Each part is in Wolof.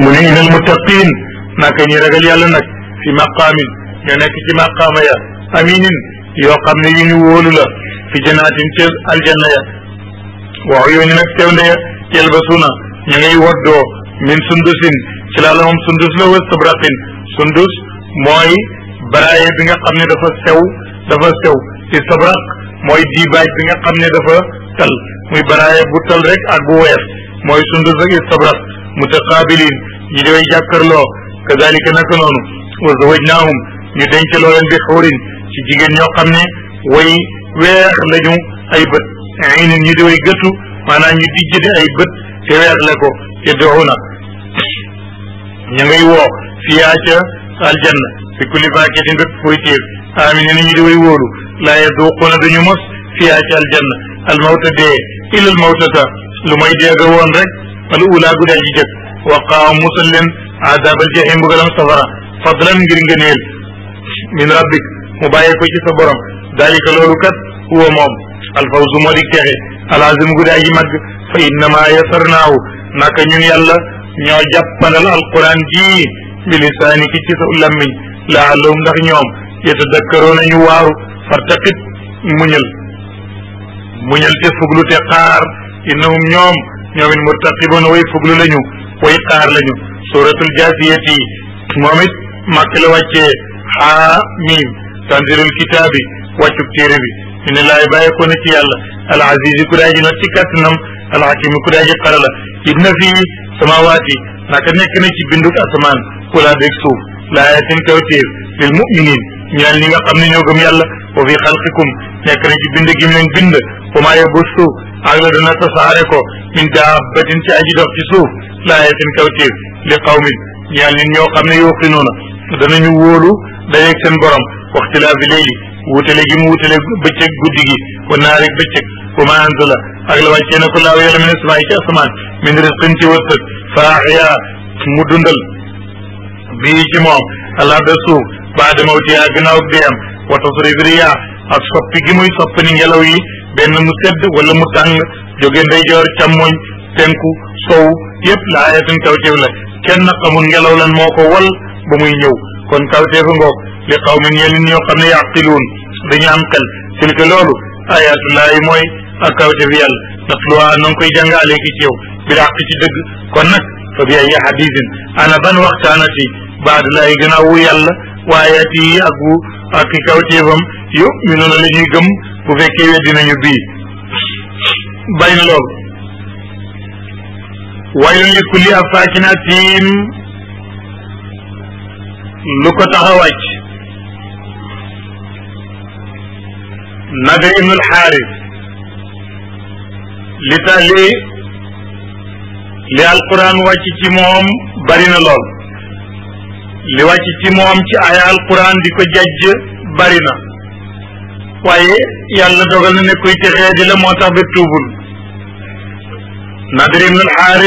mu ne inal muttaqin naka ñi ragal yàlla nag fi maqaamin ñoo nekk ci maqaama ya aminin yoo xam ne yu ñu wóolu la fi janaatin ca aljanna ya waaw yoo ni nag teew nde yelbasuuna ñu ngay woddoo min sundusin ci laa sundus la wa sabraqin sundus mooy baraaye bi nga xam ne dafa sew dafa sew istabraq mooy diibaaj bi nga xam ne dafa tal muy baraaye bu tal rek ak bu wees mooy sundus ak istabraq mutaqaabiliin ñu di way jàkkarloo kazalika naka noonu wa zawajnaahum ñu denceloo leen bi xuurin ci jigéen ñoo xam ne way weex lañu ay bët aynin ñu di way gëtu maanaam ñu dijj di ay bët te weex la ko te doxuna ña ngay woo fiyaa ca aljanna fi kulli faakitin bépp koy téef aamine na ñu di way wóolu laa yaduquuna duñu mos fiyaa ca aljanna almawta dee illa almawtata lu may dee ga woon rek al ula gu waqaa musal leen adabal jahim mbugalam safara fadlan ngir ngëneel min rabbik mu bàyyee ko ci sa borom dalika loolu kat huwa moom alfawzu moo di texe alazim gu daa ji mag fa innama yasarnaahu naka ñun yàlla ñoo jàppandal alquran jii bi lisaani ki ci sa lammiñ laallahum ndax ñoom yetadakkaroo nañu waaru fartaqib muñal muñal te fuglu te xaar innahum ñoom ñoom it murtaqibuna way fuglu lañu way xaar lañu suratul jasiyati moom it màkk la wàccee xaa miim tanzilul kitaabi wàccub téere bi mi ne laay bàyyi ko na ci yàlla al aziz yi ku daa ji not ci kàttanam al hakim yi ku daa ji xarala inna fii samawaati naka nekk na ci binduk asamaan wala dég suuf laayatin kawtéef ñaan li nga xam ne ñoo gëm yàlla wa fi xalqikum nekk na ci bind gi mu leen bind wa maa yabussu ak la dana tasaare ko min daabatin ci aji dox ci suuf laayatin kawtiir li qawmin ñaan nit ño xam ne yuqinuuna danañu wóolu dajeeg seen borom waxtilaafi leyli wuutale gi mu wuutale bëccëg guddi gi wa naari bëccëg wa maa anzala ak la wàccee na ko laaw yàlla min asmaa yi ci asamaan min risqin ci wërsëg fa ahyaa mu dundal bii ci moom ala da suuf baada mawtiha gannaaw ak dee am wa tasrif riya ak soppi gi muy soppi ni ngelaw yi benn mu sedd wala mu tàng jóge ndeyjoor càmmoñ penku sow yëpp la ayatin kawteef la kenn xamul ngelaw lan moo ko wal ba muy ñëw kon kawteefu ngoog li xaw min ñeel nit ñoo yaqiluun dañu am xel tilka loolu ayatullaahi mooy a kawteefu yàlla natluwaa na nga koy jàngalee ki ci yow bi dàq ci dëgg kon nag fa bi ay xadisin ana ban waxtaanati baadulaay gannaaw wu yàlla waayaati yi ak wu ak kawteefam yu mi noonu la ñuy gëm bu fekkee weddi nañu bii bàyyi na loolu waylun li kulli affaakin asiim li tax li alquran wàcc ci moom bari na lool li wàcc ci moom ci ay alquran di ko jajj bari na waaye yàlla dogal na ne kuy texee di la moo tax ba tuubul Nadir ibn al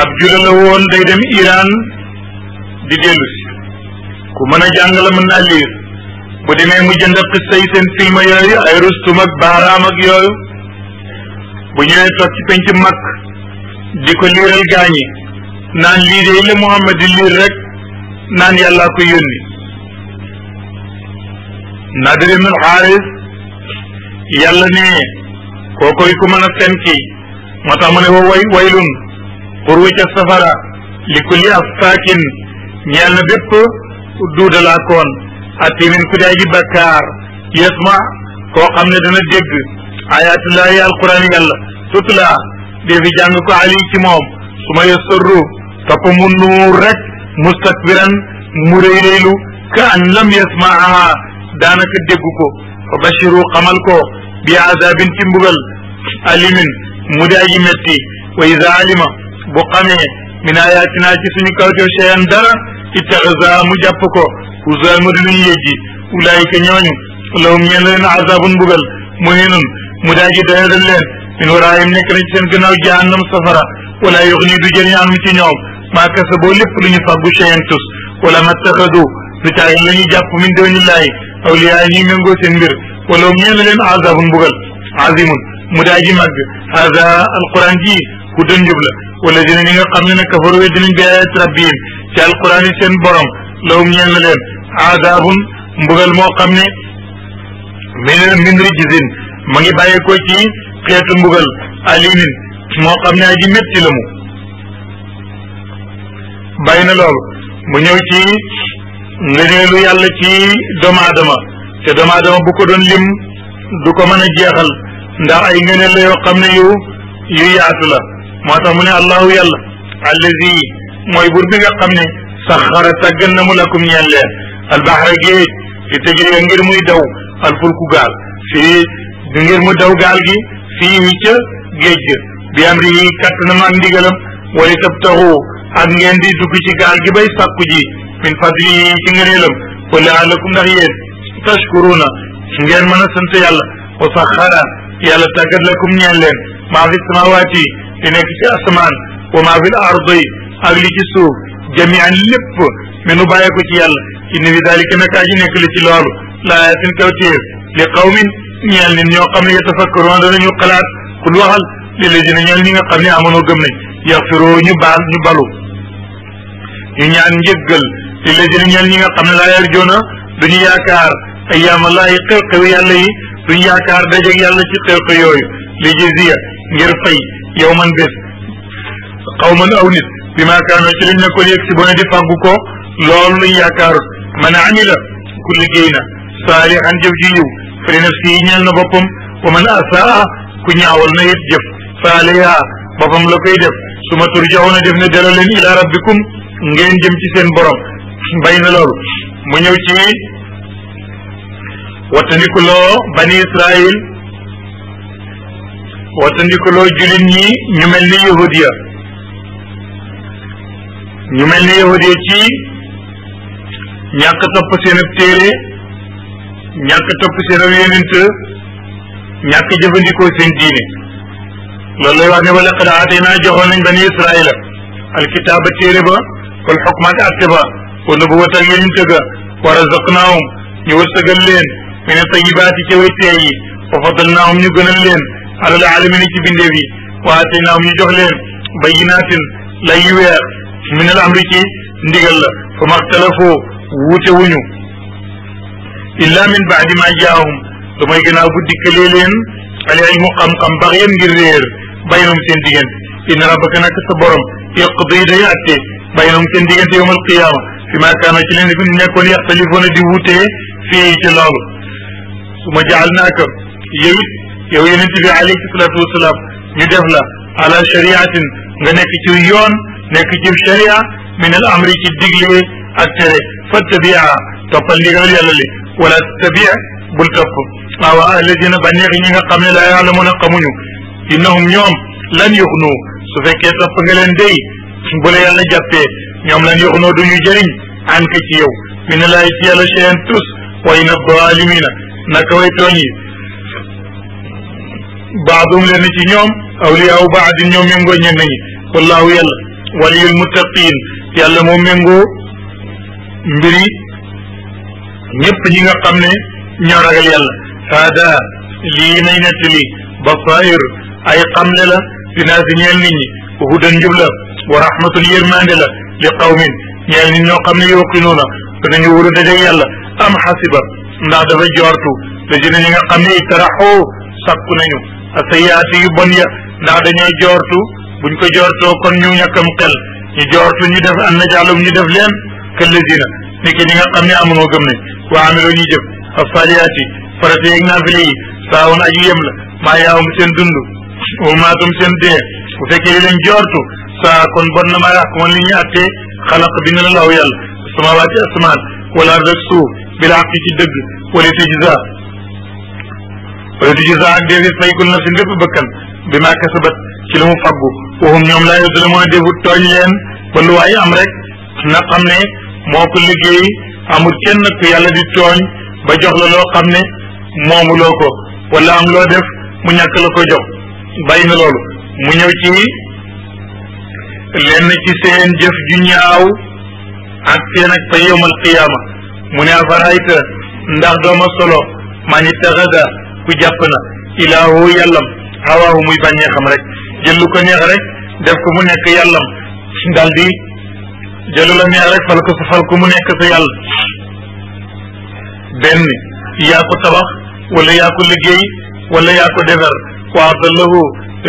ab jula la woon day dem Iran di dellu ku mën a jàng la mën naa bu demee mu jënd xissa yi seen film yooyu ay rustum ak yooyu bu ñëwee toog ci penc mag di ko liiral gaañi naan lii de la Muhammad di liir rek naan yàllaa ko yónni Nadir ibn Xaaris yàlla ne kookoy ku mën a fen moo tax mu ne wa way waylun pour wicca safara li kulli aftaakin ñeel na bépp duudalaakoon atimin ku di aji bakkaar yesma koo xam ne dana dégg ayatullahi alquran yàlla tutla dee fi jàng ko ali ci moom su ma yasarru topp mu nuur rek mustakbiran mu réyréylu ka an lam yasmaaha daanaka dégg ko fa bashiru xamal ko bi azabin ci mbugal alimin mu di aji metti wa ida alima bu xamee min ayatina ci suñu kawteef cheyan dara ittaxasa mu jàpp ko usa mu di luñu yejji ulaayika ñooñu lahum ñeen leen azabun mbugal muhinun mu daal di a leen min waraayam nekk nañ ci seen gannaaw jahannam safara wala yuxni du jëriñ anum ci ñoom maa kasa boo lépp lu ñu fàggu cheyen tus wala mattaxadu du caagin la ñuy jàpp min doonillaahi awliyaa ñuy méngoo seen mbir wala ñeen na leen azabun mbugal azimun mu daal di màgg haza alquran ji ku dën jub la wala dina ñi nga xam ne ne kafaru we dinañ bi ayat rabbihim ci alquran yi na leen azabun mbugal moo xam ne min min rijzin ma ngi bàyyeekoo ci xeetu mbugal alimin moo xam ne aji métti la mu bàyyi na loolu mu ñëw ci ngëneelu yàlla ci doomu aadama te doomu aadama bu ko doon lim du ko mën a jeexal ndax ay ngëneel la yoo xam ne yu yu moo tax mu ne allahu yàlla allazi mooy bur bi nga xam ne saxara tàggan na mu lakum ñeel leen albahra géej li tëjee ngir muy daw alfulku gaal fii du ngir mu daw gaal gi fi wi ca géej ga bi am ri kattanam ak ndigalam wala tabtaxu ak ngeen di dugg ci gaal gi bay sàkku ji min fadli ci ngëneelam wala alakum ndax yéen tashkuruna ngeen mën a sant yàlla wa saxara yàlla tàggat lakum ñeen leen maa fi samawaati li nekk ci asamaan wa maa fi l ardi ak li ci suuf jamian lépp minu bàyyi ko ci yàlla inna fi dalika naka aji nekk li ci loolu laayatin kawtéef li qawmin ñeel nit ñoo xam ne yatafakkaroon danañu xalaat xul waxal li la dina ñeel ñi nga xam ne amoonoo gëm nañ yaxfiroo ñu baal ñu balu ñu ñaan njëggal li la dina ñeel ñi nga xam ne la yar joona duñu yaakaar ayaamallaahi xew-xew yàlla yi duñu yaakaar dajeg yàlla ci xew-xew yooyu li jisiya ngir fay yow man bés xawman aw nit bi maa kaanoo ci liñ nekkoon yëg si bone di fàggu ko loolu luñ yaakaarut man amila ku liggéey na saalihan jëf ji yiw fa li nafsi ñeel na boppam wa man ku ñaawal na it jëf fa boppam la koy def suma turjauna def ne delloo leen ila rabbikum ngeen jëm ci seen borom bay na loolu mu ñëw ci wattandikuloo bani israil wattandikuloo julin ñi ñu mel ni yahudiya ñu mel ni yahudiya ci ñàkk topp seen ab téere ñàkk topp seen aw yonent ñàkk jëfandikoo seen diine loolu lay wax ne wala qad aataynaa joxoon nañ bani israila alkitaaba téere a wal xukma ak atte ba wa nubuwata ak yonent ga wa razaqnaahum ñu wërsëgal leen mine tayibaati ca waytee yi fadalnaahum ñu gënal leen alal alamina ci ñu jox leen bayinaatin min al amri ci ndigal la fa maxtalafoo wuute wuñu illa min baadi ma jaahum lu mooy gannaaw bu dikkalee leen al ilmu xam-xam bax yan ngir réer baynum seen diggante inna rabbaka nag sa borom yaqdi day atte baynum seen diggante yowm al qiyaama fi ma kaana ci leen fi mu nekkoon yaxtalifoon di wutee fii ci loolu su ma jaal naaka yow it yow yonente bi alayhi salaatu wasalaam ñu def la ala shariatin nga nekk ci yoon nekk ci sharia min al amri ci digle ak tere fattabiaa toppal ndigal yàlla li wala tabi bul topp waawa alladina bànneexi ñi nga xam ne laa yaalamuuna xamuñu innahum ñoom lan yuxnu su fekkee topp nga leen day bu la yàlla jàppee ñoom lan yuxnu duñu jëriñ an ci yow min a ci yàlla cheyan tus wa inna dalimina naka way tooñ yi baadum leen ci ñoom awliyaaw baadin ñoom méngoo ñenn ñi wallahu yàlla waliyul muttaqin yàlla moo méngoo mbiri ñëpp ñi nga xam ne ñoo ragal yàlla hada lii nay nettali basair ay ne la dinaasi ñeel nit ñi hudan njub la wa rahmatun yërmande la li qawmin ñeel nit ñoo xam ne yuqinuuna danañu wóolu dajeg yàlla am xasiba ndax dafa joortu lajina ñi nga xam ne itaraxoo sakku nañu a asayaati yu bon ya ndax dañoy joortu buñ ko joortoo kon ñu ñàkkam xel ñu joortu ñu def an najaalum ñu def leen kallazina nekke ñi nga xam ne amunoo gëm nañ wa amiloo ñuy jëf asaliyaat yi farata yeeg naafile yi saa woon aju yem la maa yaawum seen dund wa maatum seen dee bu fekkee yi leen saa kon bon na maa yaxkuman li ñu attee xalaq bi na la law yàlla samawaati asmaan wala rek suuf bil xaqi ci dëgg wala tijza wala tijza ak déefis fay kul nafsin bépp bi maa kasabat ci la mu faggu waxum ñoom laa la mën a défut tooñ leen ba lu waay am rek na xam ne moo ko liggéey amul kenn ku yàlla di tooñ ba jox la loo xam ne moomuloo ko wala am loo def mu ñàkk la ko jox bàyyi na loolu mu ñëw ci lenn ci seen jëf ju ñaaw ak seen ak fa yowmal qiyaama mu ne afarayta ndax dooma solo maa ni taxada ku jàpp na ilaahu yàllam hawaahu muy bàññee rek jël lu ko neex rek def ko mu nekk yàllam daldi jëlu la neex rek fal ko sa fal nekk sa yàlla benn yaa tabax wala yaa ko liggéey wala yaa ko defar wa adallahu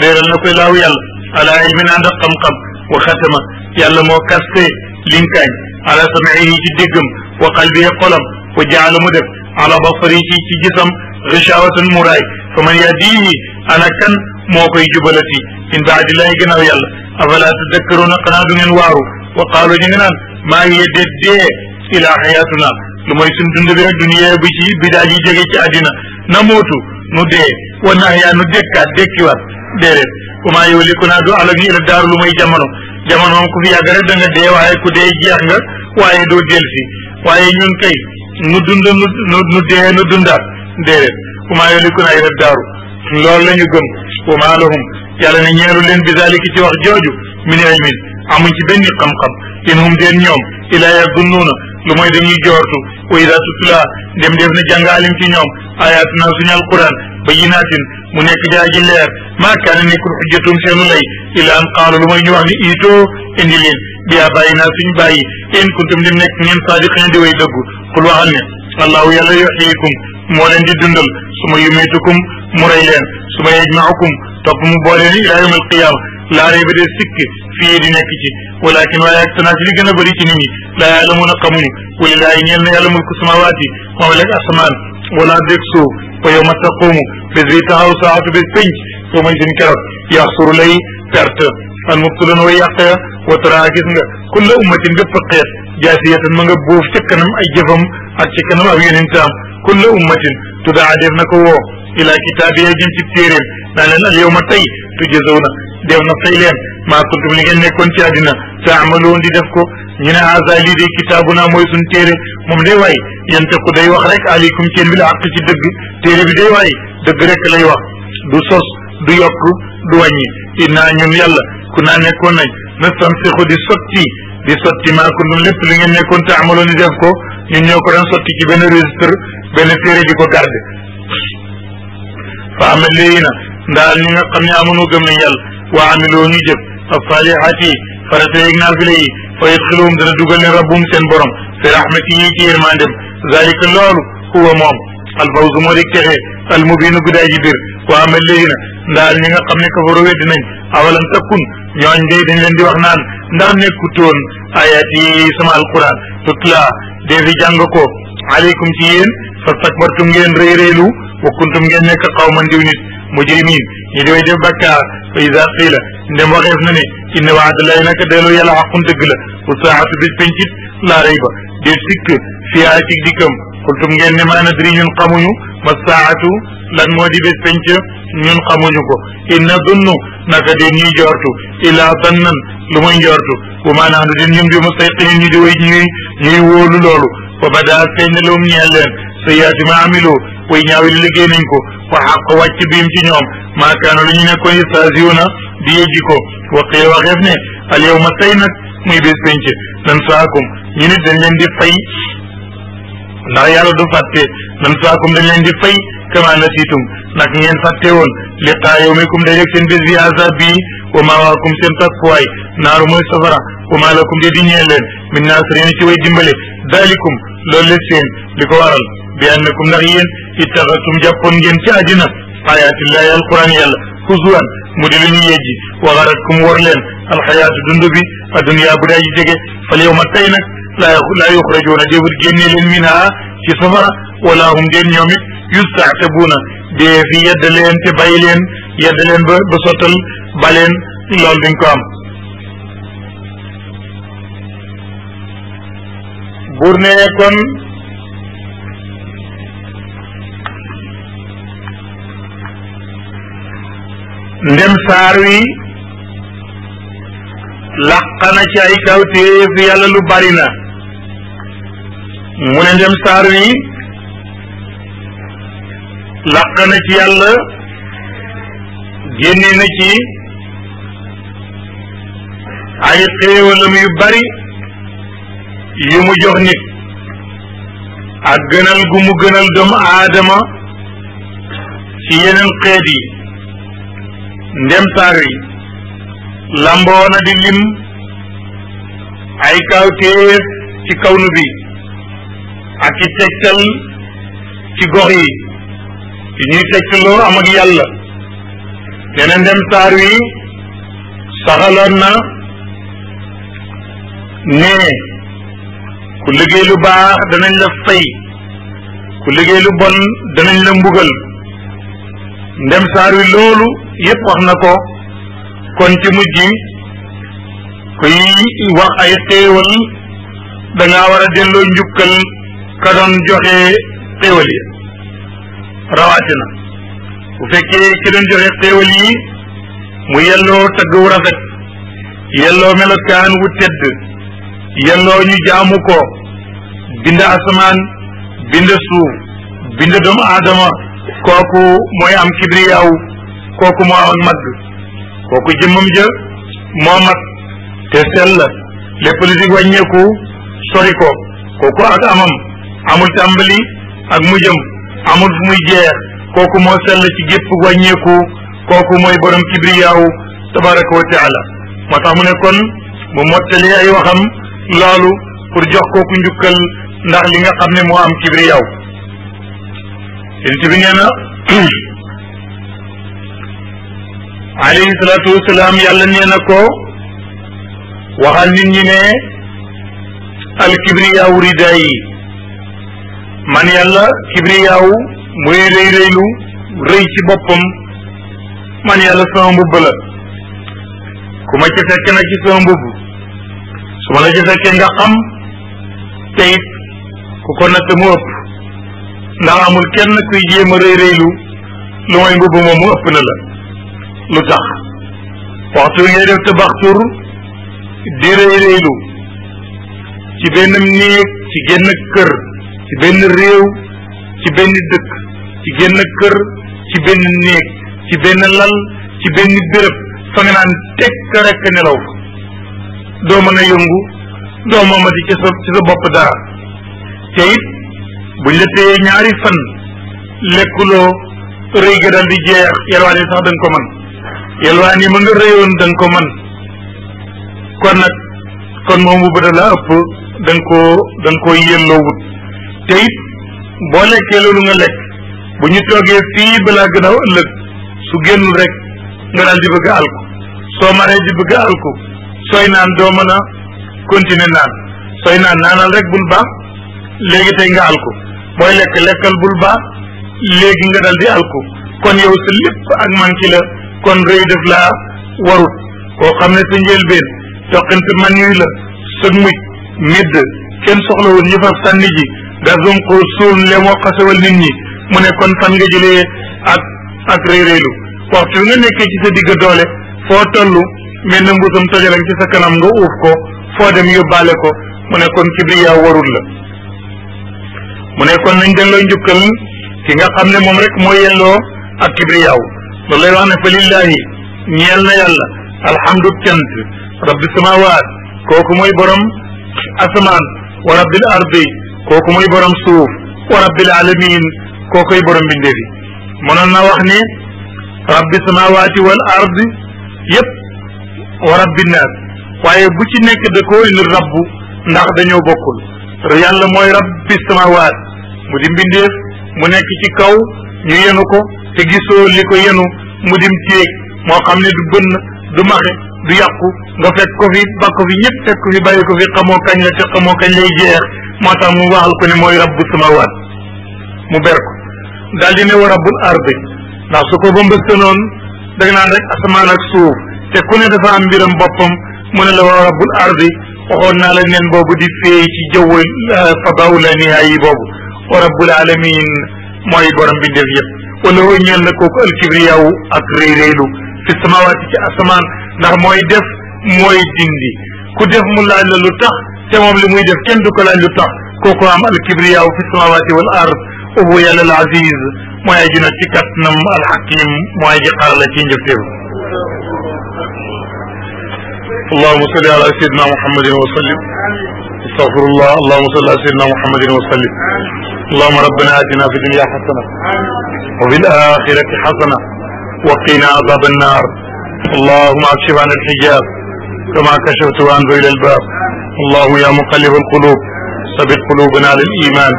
réeral na koy laaw yàlla ala ilmin ànd wa xatama yàlla moo kaste linkaañ ala samihi ci déggam wa qalbihi xolam wa jaala mu def ala basari ci ci gisam rishawatan muraay fa man yadihi ana kan moo koy jubalati min baadillahi gannaaw yàlla afala wa qaalu ñu nga naan maa ngi yedde dee ilaa xayaatuna lu mooy suñ dund bi rek bi ci bidaa ji jege ci àddina na mootu nu dee wa naxyaa nu dekkaat dekkiwaat déedéet comment yow li ku naa du àlag ñu ila daaru lu mooy jamono jamono moom ku fi yàgg rek da nga dee waaye ku dee jeex nga waaye doo del si waaye ñun kay nu dund nu nu dee nu dundaat déedéet comment yow li ku naa ila daaru loolu lañu ñu gëm wa maa lahum yàlla ne ñeeru leen bi zalika ci wax jooju min ilmin amuñ ci benn xam-xam in hum deen ñoom ilaa yazunnuuna lu mooy dañuy joortu wa ida tutla dem def na jàngaalim ci ñoom ayaatuna suñu alquran bayinaatin mu nekk jaaji leer ma kaana nekkul xujjatum seenu lay ilaa an qaalu lu mooy ñu wax ni iitoo indi leen bi bàyyi naa suñ bàyyi in kuntum dem nekk ngeen saadiqina di way dëggu qul waxal ne allahu yàlla yuxyikum moo leen di dundal su ma yumeetukum mu rey leen su ma yejmaakum topp mu boole leen ilaa yawm alqiyaama laa rayba de sikk fii di nekk ci walakin waaye ak tanaa si li gën a bëri ci nit ñi laa yaalamuuna xamuñu walilaahi ñeel na yàlla mulku samawaati moom lekk asamaan wala dég suuf wa yawma taquumu bés bi taxaw saatu bés pénc soo may seen keroog yaxsuru lay perte al mubtiluun way yàq ya wa taraa gis nga kulla ummatin bépp xeet jaasiyatan ma nga boof ca kanam ay jëfam ak ca kanam ab yonentaam kulla ummatin tudaa def na ko woo ila kitaabi ya jëm ci téeréem naa leen al yawma tey na def na fay leen maa kuntum li ngeen nekkoon ci àddina taamaloon di def ko ñu ne haza lii de kitaabu naa mooy suñ téere moom day waay yéen te ku day wax rek aleykum ceen bi la di ci dëgg téere bi day waay dëgg rek lay wax du sos du yokk du wàññi innaa ñun yàlla ku naa nekkoon nañ na samsixu di sotti di sotti maa kuntum lépp li ngeen nekkoon taamaloon di def ko ñu ñoo ko doon sotti ci benn registre benn téere di ko garde fa ama léegi na ndaal ñi nga xam ne amuñu gëm nañ yàlla waa amiloo ñu jëf ak salihaat yi farata yeeg naafile yi fa yadxiluhum dana dugal seen borom fi rahmati yi ci yërmandem zalika loolu huwa moom alfawzu moo di texe almubiinu guddaay ji biir waa ma léegi na ndaal ñi nga xam ne ko weddi nañ awalan takkun ñooñ day dañ leen di wax naan ndax nekkutoon ayat yi sama alquran tutla dee fi jàng ko aleykum ci yéen fastakbartum ngeen rëy rëylu wa kuntum ngeen nekk qawman diw nit mujrimin ñi di way def bakkaar fa ida qiila ndem waxeef na ne inna waadallahi naka delloo yàlla xaqun dëgg la wa saatu bis pencit laa rëy ba dee sikk fiyaa ci dikkam xultum ngeen ne ma nadri ñun xamuñu ma saatu lan moo di bés penc ñun xamuñu ko inna dunnu naka den ñuy joortu ilaa dannan lu muy joortu bu maanaam du den ñun bi mustayqinin ñu di way ñuy ñuy wóolu loolu wa badaa feeñ na lawum ñeel leen sayaati ma amiloo way ñaawi li liggéey nañ ko wa xaq wàcc biim ci ñoom maakaana lu ñu nekkoon yastahziuna di yëjji ko waqiila waxeef ne al yawma tey nag muy bés penc nan saakum ñu nit dañ leen di fay ndax yàlla du fàtte nan saakum dañ leen di fay kama nasitum nag ngeen fàtte woon liqaa yawmikum day rek seen bés bi azab bi wa mawaakum seen takkuwaay naaru mooy safara wa di ñeel leen min naasirin ci way dimbale daalikum loolu la seen li ko waral bi annakum ndax yéen ittaxatum jàppoon ngeen mu di lu ñu yejji wa a war leen alxayaatu dund bi adduniyaa bu daa ji laa laa yuxrajuuna déefut génne leen minha ci safara wala hum déen ñoom it yustahsabuuna dee fi yedda leen te bàyyi leen yedda leen ba ba sottal baleen loolu ko am buur ndem saar wi làq na ci ay kawtéef yàlla lu bari mu ne ndem saar wi làq na ci yàlla génne na ci ay xéewalam yu bari yu mu jox nit ak gënal gu mu gënal doomu aadama ci yeneen xeet yi ndem saar wi di lim ay kawtéef ci kawnu bi ak i tegtal ci gox yi ci ñuy tegtaloo am ak yàlla nee ndem taar wi saxaloon na ne ku liggéey lu baax danañ la fay ku liggéey lu bon danañ la mbugal ndem saar wi loolu yépp wax na ko kon ci mujj kuy wax ay xéewal da ngaa war a delloo njukkal ka doon joxe xéewal yi rawatina bu fekkee ki doon joxe xéewal yi mu yelloo tagg wu rafet yelloo melokaan wu tedd yelloo ñu jaamu ko bind asamaan bind suuf bind doomu aadama kooku mooy am kibriyaaw kooku moo am ak mag kooku jëmmam ja moo mag te sell lépp lu di sori ko kooku ak amam amul tàmbali ak mu jëm amul fu muy jeex kooku moo sell ci gépp wàññeeku kooku mooy borom kibriyaawu tabaraka wa taala moo tax mu ne kon mu mottali ay waxam loolu pour jox kooku njukkal ndax li nga xam ne moo am kibriyaaw yonent bi nee na alayhi yàlla nee na ko waxal nit ñi ne alkibriyaawu ridaa yi man yàlla kibriyaawu muy rëy rëylu rëy ci boppam man yàlla sama mbubb la ku ma ci fekk nag ci sama mbubb su ma la ci fekkee nga xam te it ku ko natt mu ëpp ndax amul kenn kuy jéem a rëy rëylu lu may mbubb moom ëpp na la lu tax waxtu ngay def tabaxtur di rëy rëylu ci benn néeg ci génn kër ci benn réew ci benn dëkk ci genn kër ci benn néeg ci benn lal ci benn béréb fa naan tekk rekk nelaw fa doo mën a yëngu doo moomati ci ci sa bopp dara te it buñ ñaari fan lekkuloo rëy ga dal di jeex yelwaan yi sax da ko man yelwaan yi ma nga rëyoon da nga ko mën kon nag kon moom bu bëda la ëpp da nga koo da nga koo wut te it boo lekkee loolu nga lekk bu ñu toogee fii balaa gannaaw ëllëg su génn rek nga daal di bëgg a alko soo maree di bëgg a sooy naan doo mën a continuer naan sooy naan naanal rek bul baax léegi tey nga alko booy lekk lekkal bul baax léegi nga daal di alko kon yow sa lépp ak manki la kon rëy def laa warut koo xam ne sa njëlbeen toqante man yuy la sëg muj midd kenn soxlawul ñu faf sànni gasum ko suul le moo xasewal nit ñi mu ne kon fan nga jëlee ak ak réeréelu waxtu nga nekkee ci sa digg doole foo toll mel na mbusum tojalan ci sa kanam nga uuf ko foo dem yóbbaale ko mu ne kon kibriya warul la mu ne kon nañ delloo njukkal ki nga xam ne moom rek moo yelloo ak kibriyaaw loolu lay wax ne fa lillahi ñeel na yàlla alhamdu cant rabbi samawaat kooku mooy borom asamaan wa rabbil ardi kooku mooy borom suuf wa rabbil alamin kookoy borom bindee bi mënoon na wax ne rabbi samawati wal ard yëpp wa rabbi naas waaye bu ci nekk da koo indi rabbu ndax dañoo bokkul yàlla mooy rabbi samawat mu di mbindeef mu nekk ci kaw ñu yenu ko te gisoo li ko yenu mu dim téeg moo xam ne du bënn du maxe du yàqu nga fekk ko fi ba fi ñëpp fekk ko fi bàyyi ko fi xamoo kañ la te xamoo kañ lay jeex moo tax mu waxal ko mooy rabbu samawaat mu ber ko daal di ne wa rabbul ardi ndax su ko ba mbëstanoon da nga naan rek asamaan ak suuf te ku dafa am mbiram boppam mu ne la wa rabbul ardi waxoon na la neen boobu di féey ci jaww ah, fadaaw la nihaay yi boobu wa rabbul alamin mooy borom bi def yëpp wala woo ñeel na kooku alkibriyaawu ak réy réylu fi samawaati ci asamaan ndax mooy def mooy dindi ku def mu laaj la lu tax te moom li muy def kenn du ko laaj lu tax kooku am alkibriyaaw fi samawaati wal ard ubu yàlla al aziz mooy aji na ci kattanam alxakim mooy aji xarala ci njëfteew allahuma salli ala sayidina muhammadin wa sallim استغفر الله اللهم صل على سيدنا محمد وسلم اللهم ربنا اتنا في الدنيا حسنه وفي الاخره حسنه وقنا عذاب النار اللهم اكشف عن الحجاب كما كشفت عنه الى الباب الله يا مقلب القلوب ثبت قلوبنا على الايمان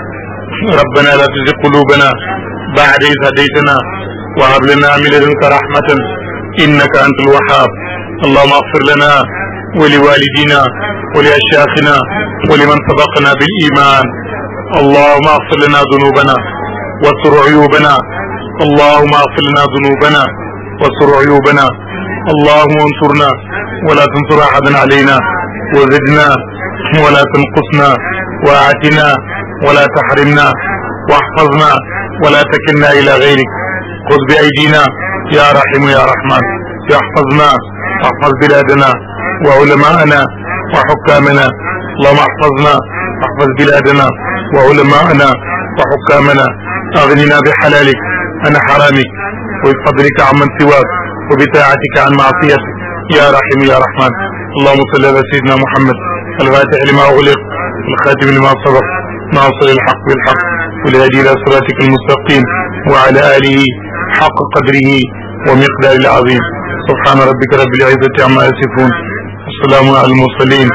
ربنا لا تزغ قلوبنا بعد اذ هديتنا وهب لنا من لدنك رحمه انك انت الوهاب اللهم اغفر لنا ولوالدينا ولاشياخنا ولمن سبقنا بالايمان اللهم اغفر لنا ذنوبنا واستر عيوبنا اللهم اغفر لنا ذنوبنا واستر عيوبنا اللهم انصرنا ولا تنصر احدا علينا وزدنا ولا تنقصنا واعتنا ولا تحرمنا واحفظنا ولا تكلنا الى غيرك خذ بايدينا يا رحيم يا رحمن يحفظنا احفظ بلادنا وعلماءنا وحكامنا اللهم احفظنا احفظ بلادنا وعلماءنا وحكامنا اغننا بحلالك an xaraamik wa bi fadlika amman siwaak wa bi taatika an maasiyatik ya rahim ya rahman allahuma salli ala sayidina muhammad alfatix lima uliq alxatim lima sabaq naasir alxaq bilxaq walhaadi ila siratika almustaqim wa ala alihi xaq qadrihi wa miqdaari alazim subhana rabbika rabbil izzati amma yasifun wasalaamun ala almursalin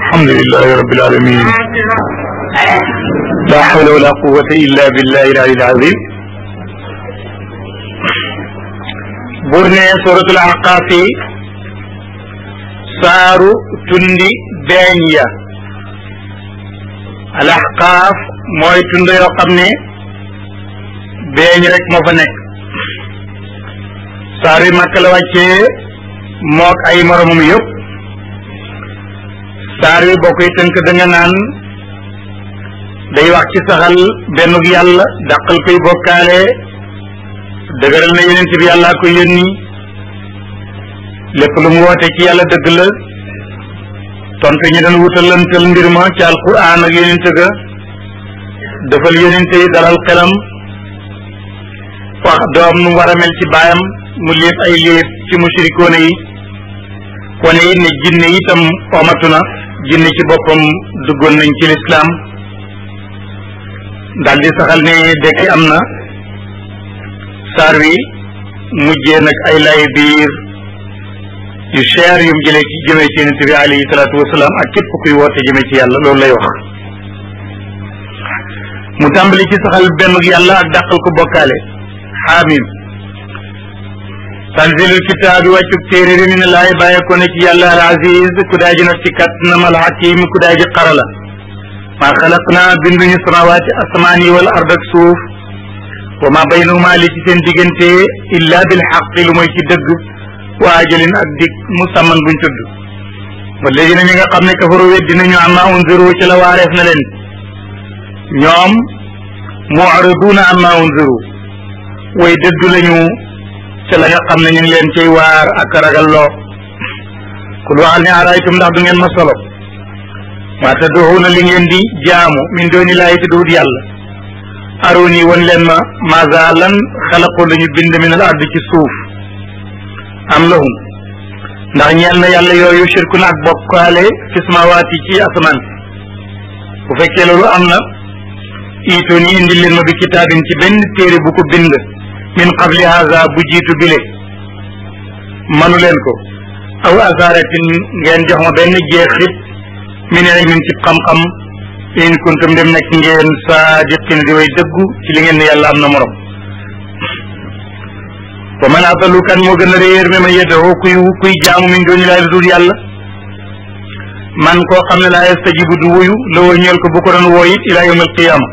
alhamdulilahi rabbil alamin la hawla wala quwwata illa billahi al aliyyil azim bur ne suratul aqaafi saaru tundi beeñ ya al mooy tund yoo xam ne beeñ rek moo fa nekk saar yi la wàccee mook ay moromam yëpp saar boo koy tënk da naan day wax ci saxal bennug yàlla dàqal koy bokkaale dëgëral na yeneen bi yàllaa ko yónni lépp lu mu woote ci yàlla dëgg la tontu ñu doon wutalantal mbir ma ci alquran ak yonente ga defal yonente yi dalal xelam wax doom nu ci baayam mu léeb ay léeb ci mushrikoone yi wane it ne jinne itam omatu na jinne ci boppam duggoon nañ ci lislaam daal di saxal ne dekki am na saar wi mujjee nag ay lay biir yu cher yum jëlee ci jëmee ci yonent bi alayhi salaatu wasalaam ak képp kuy woote jëmee ci yàlla loolu lay wax mu tàmbali ci saxal benn yàlla ak dàqal ko bokkaale xaamim tanzilul kitaabi wàccub téere bi min laay bàyyeekoo na ci yàlla al aziz ku daa ji not ci kàttanam al hakim ku daa ji xarala maa xalaq naa binduñu samawaati asmaan yi wala ard ak suuf wa ma baynahuma li ci seen diggante illa bil xaqi lu mooy ci dëgg wa ajalin ak dig musamman buñ tudd wa léegi nag ñi nga xam ne kafaru weddi nañu amma unziru ci la waareef na leen ñoom muariduuna amma unziru way dëddu lañu ci la nga xam ne ñu leen cay waar ak ragal loo kul waxal ne araytum ndax du ngeen ma solo maa tadduxuuna li ngeen di jaamu min dooni laahi te duut yàlla aruni wan leen ma maza lan xalaqu lañu bind min al ard ci suuf am lahum ndax ñeel na yàlla yooyu shirkun ak bokkaale fi samawaati ci asamaan bu fekkee loolu am na iitoon yi indi leen ma bi kitaabin ci benn téere bu ko bind min qabli haza bu jiitu bile manu leen ko aw asaaratin ngeen jox ma benn jeexit min ci xam-xam in kuntum dem nekk ngeen saadiqin di way dëggu ci li ngeen ne yàlla am na morom wa man atalu kan moo gën a réer mi man yeddoo kuy kuy jaamu min dooni laay lu dul yàlla man koo xam ne laa yastajibu du wuyu la woo ñeel ko bu ko doon woo it ilaa yawm alqiyaama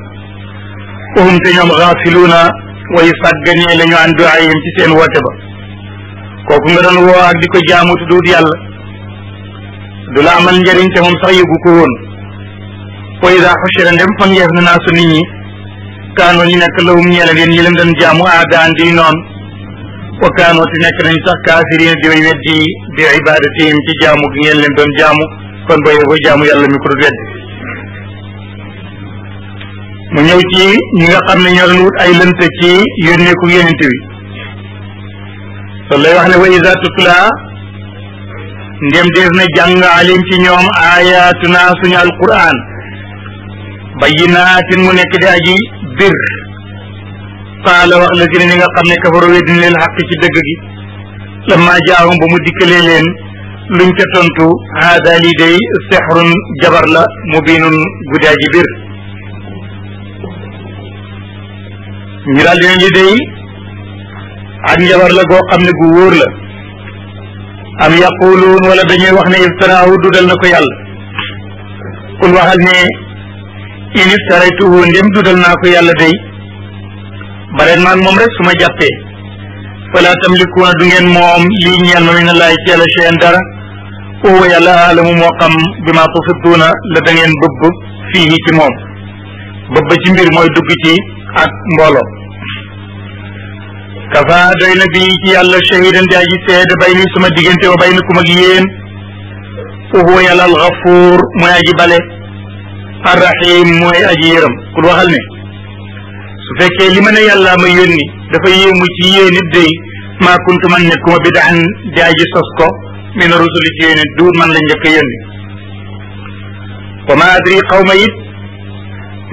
uhum te ñoom ci seen woote ba kooku nga doon woo ak di ko jaamu te duut yàlla du la amal njëriñ te moom sax yëgu ko woon wa ida xushira ndem fangeef na naa su ñi kaanoo ñi nekk lawum ñeela leen ñi leen doon jaamu aadaan di noon wa kaanoo te nekk nañ sax kaafiriina di way weddi bi ibadatihim ci jaamu gi ngeen leen doon jaamu kon ba yow jaamu yàlla mi ko du weddi mu ñëw ci ñi nga xam ne doon wut ay lënt ci yónnee ku yónent bi loolu lay wax ne wa ida tutla ndem def na jàng alim ci ñoom aayatuna suñu alquran bayyinaatin mu nekk di aji bir qaala wax la si ne ñi nga xam ne kafaru weddi leen xaq ci dëgg gi lamma jaahum ba mu dikkalee leen luñ ca tontu haada lii day sexrun jabar la mubiinun guddi aji bir ñu daal dina li day ak njabar la goo xam ne gu wóor la am yaquluun wala dañuy wax ne iftaraahu dudal na ko yàlla kul waxal ne in iftaraytuhu ndem dudal naa ko yàlla day bare maan moom rek su ma jàppee fala tamlikuuna du ngeen moom lii ñeel ma min allahi ci yàlla cheyan dara uwa yàlla aalamu moo xam bi ma tufiduuna la da bëbb fii ci moom bëbb ci mbir mooy dugg ci ak mbooloo kafa doy na bi ci yàlla shahidan di aji seede bay ni suma diggante wa bay ni kum ak yéen uwa yàlla alxafuur mooy aji bale arrahim mooy aji yërëm kul waxal ne su fekkee li ma ne yàllaa ma yónni dafa yéemu ci yéen it day maa kuntu man nekkuma bidaan di aji sos ko min rusuli ci yéen it duur man la njëkk yónni wa ma adri xawma it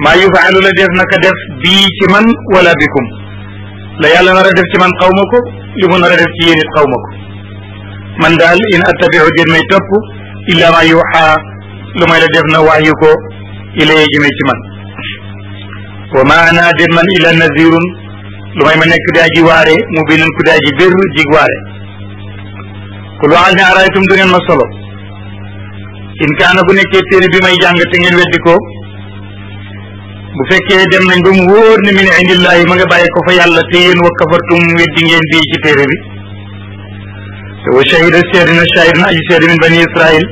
maa yufaalu la def naka def bii ci man wala bikum la yàlla nar a def ci man xaw ma ko li mu nar a def ci yéen it xaw ma ko man daal in attabiu din may topp illa ma yuxaa lu may la def na wax yu ko ilay jëme ci man wa ma ana dem man ila nazirun lu may ma nekk daa ji waare mu binun ku daa ji bér jig waare kul waxal ne araytum du ngeen ma solo in kaana bu nekkee téere bi may jàng te ngeen weddi ko bu fekkee dem nañ ba mu wóor ne min indillahi ma nga bàyyi ko fa yàlla te yéen wa kafartum weddi ngeen bii ci téere bi wa shahida seede na shahidun aji seede min bani israil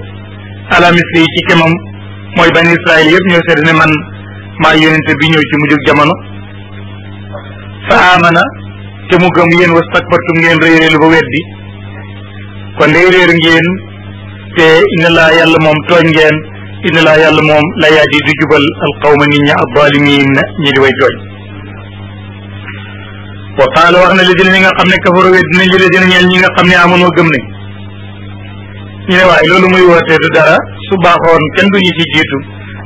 ala misli ci kemam mooy bani israil yëpp ñoo seede ne man maa yonente bi ñëw ci mujjug jamono fa amana te mu gëm yéen wastakbartum ngeen réeréelu ba weddi kon day réer ngeen te inna laa yàlla moom tooñ ngeen inna laa yàlla moom la yaadi du jubal alqawma nit ñi azzaalimiin ñi di way tooñ wa qaala wax na li dina ñi nga xam ne kafaru weddi nañ li dina ñi nga xam ne amoon gëm nañ ñu ne waaye loolu muy wootee du dara su baaxoon kenn ñu ci jiitu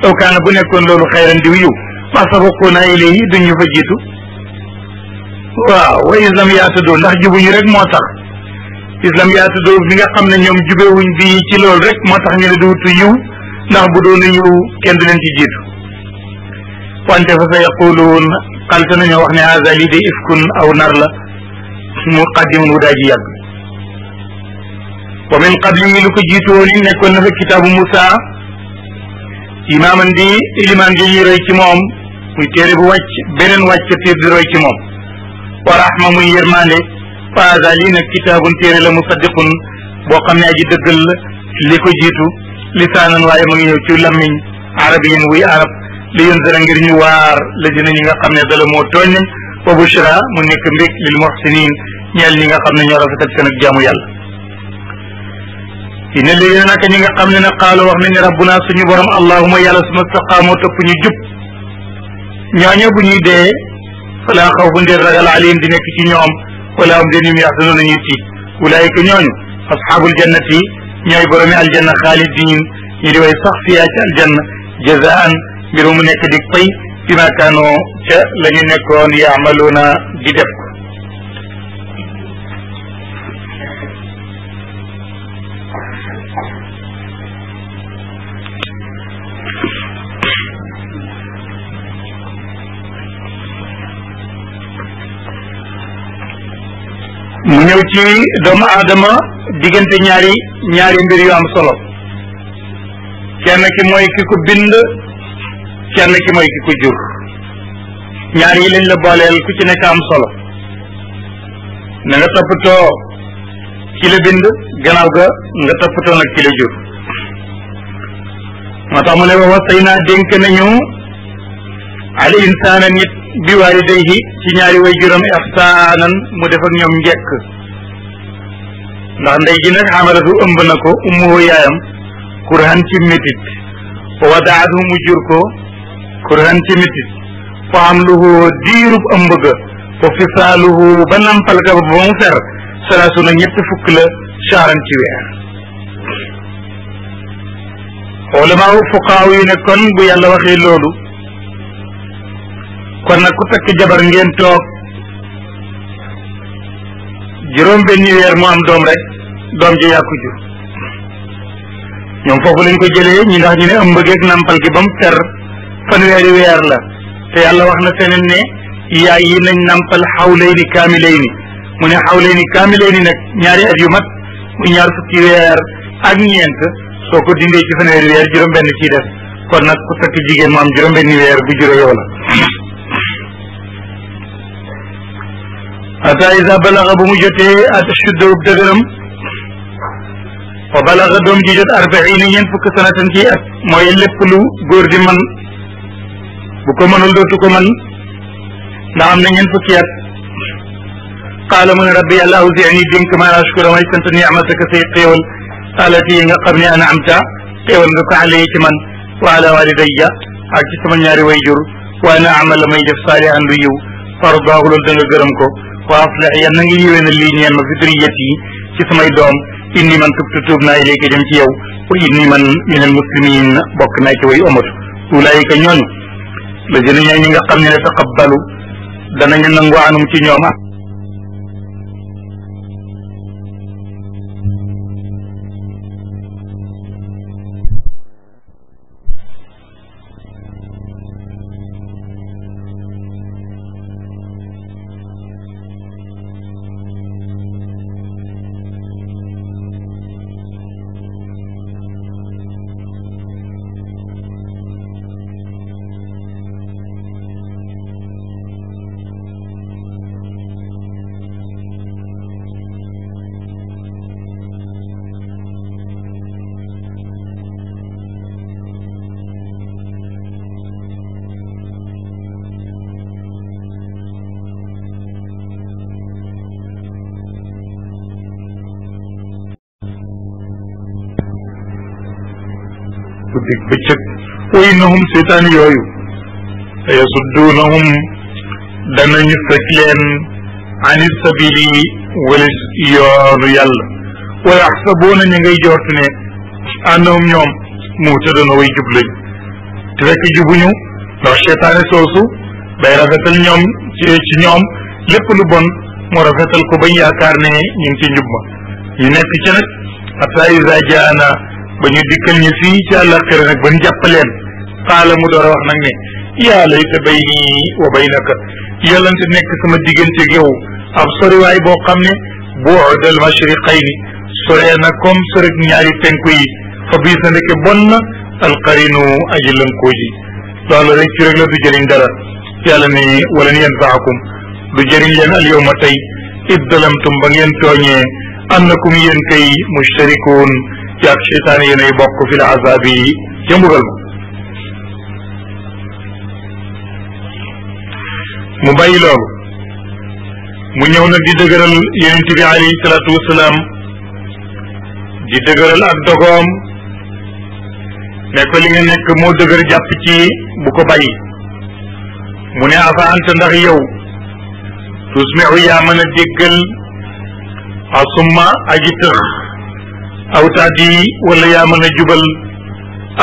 aw kaana bu nekkoon loolu xayran diw yiw fa sabaquuna ilayhi duñu fa jiitu waaw wa islam yaatadoo ndax jubuñu rek moo tax islam yaatadoo bi nga xam ne ñoom jubewuñ bi ci loolu rek moo tax ñu ne duwutu yiw ndax bu doon yiw kenn du leen ci jiitu wante fa sa yaquluun xalte nañoo wax ne haza lii de aw nar la mu qaddimun wu daa yàgg wa min qablihi lu ko jiitoon yi nekkoon na fa kitaabu Moussa imaaman di ilimaan di ñuy roy ci moom muy téere bu wàcc beneen wàcc téer di roy ci moom wa rahma muy yërmande paasa lii nag kitaabun téere la mu musaddiqun boo xam ne aji dëggal la li ko jiitu lisaanan waaye mu ngi ñëw ci lammiñ arabiyin wuy arab li yundira ngir ñu waar la dina ñi nga xam ne dala moo tooñ nañ wa bushra mu nekk mbég lil muhsinin ñeel ñi nga xam ne ñoo rafetal seen ak jaamu yàlla ina léegi naka ñi nga xam ne ne xaalu wax nañu rabbuna suñu borom allahuma yàlla suma staqaamoo topp ñu jub ñooñu bu ñuy dee falaa xawfun deen ragal alayhim di nekk ci ñoom wala hum deen yum yaxsanoon nañuy tiit ulaayika ñooñu asxaabul jannati ñooy boromi aljanna xaalidin ñu di way sax fiyaa ci aljanna jazaan mbir mu nekk di pay bi ma kaanoo ca la ñu nekkoon yaamaluuna di def ko mu ñëw ci doomu aadama diggante ñaari ñaari mbir yu am solo ki mooy ki ko bind kenn ki mooy ki ko jur ñaar yi lañ la booleel ku ci nekk am solo na nga toppatoo bind gannaaw ga nga toppatoo nag ki la jur moo tax mu ne wa wasay naa dénk nañu al insaana nit bi waalidayhi ci ñaari way juróom ihsaanan mu def ñoom njekk ndax ndey ji xamalatu ëmb na ko ummuhu yaayam kurhan ci métit wa wadaatu mu jur ko kurhan ci métit fa hamluhu diirub ëmb ga fa fisaaluhu ba nampal ka ba mu fer salaasuna ñett fukk la shahran ci weer ulamaa fuqaaw yi ne kon bu yàlla waxee loolu kon nag ku takk jabar ngeen toog juróom benni weer mu am doom rek doom ji yàkku ju ñoom foofu lañ ko jëlee ñi ndax ñu ne ëmb geeg nàmpal gi ba mu ter fanweeri weer la te yàlla wax na feneen ne yaay yi nañ nàmpal xawlayni kaamilayni mu ne xawlayni kaamilayni nag ñaari at yu mat muy ñaar fukki weer ak ñeent soo ko dindee ci fanweeri weer juróom benn ciy def kon nag ku takk jigéen mu am juróom benni weer bu juró yow la ata isa balaxa ba mu jotee at suddaub dëgëram wa balaxa doom ji jot arbaina ñeent fukk sanatan ci at mooy lépp lu góor di man bu ko mënul dootu ko man ndax am na ñeent fukki at qaala mu ne rabbi yàlla awzi'ni dénk maa ashkura may sant ni'mataka say xéewal alati yi nga xam ne ana amta xéewal nga ko alayhi ci man wa ala walidayya ak ci sama ñaari way jur wa ana amal la may def saalihan lu yiw fardaahu loolu da nga gërëm ko wa aslih yan na nga yéwénal lii ñeel ma fi duriyat yi ci samay doom inni man tubtu tuub naa ilayka jëm ci yow wa inni man min al muslimin bokk naa ci way omatu ulaayika ñooñu la jëna ñooy ñi nga xam ne ne taqabbalu danañu nangu anum ci ñoom guddi bëccëg wa innahum seetaan yooyu fa yasudduunahum danañu fekk leen ani sabili walis yoonu yàlla wa yaxsabuuna ñu ngay joort ne annahum ñoom muhtaduna way jub lañ fekk jubuñu ndax seetaane soosu day rafetal ñoom ci ñoom lépp lu bon moo rafetal ko bañ yaakaar ne ñu ngi ci njub ma ñu nekk ci nag hatta iza ba ñu dikkal ñu fii ci àllaaxira nag ba ñu jàppaleen xaala mu door a wax nag ne yaa layta bayni wa baynaka yàllante nekk sama digganteeg yow ab soriwaay boo xam ne bu'dal mashriqayni soree na comme soreg ñaari penku yi fa bii sa ndeke bon na alqarinu aji lënkoo ji ci rek la du jëriñ dara yàlla ne walan yanfaakum du jëriñ leen al yowma tey id dalamtum ba ngeen tooñee annakum yéen kay ci ak seytaane yi bokk fi la azaabi yi mu bàyyi loolu mu ñëw nag di dëgëral yonent bi alayhi salaatu wasalaam di dëgëral ak dogoom ne li nga nekk moo dëgër jàpp ci bu ko bàyyi mu ne afa anta ndax yow tusmixu yaa mën a déggal asumma aji tëx aw taati wala yaa mën a jubal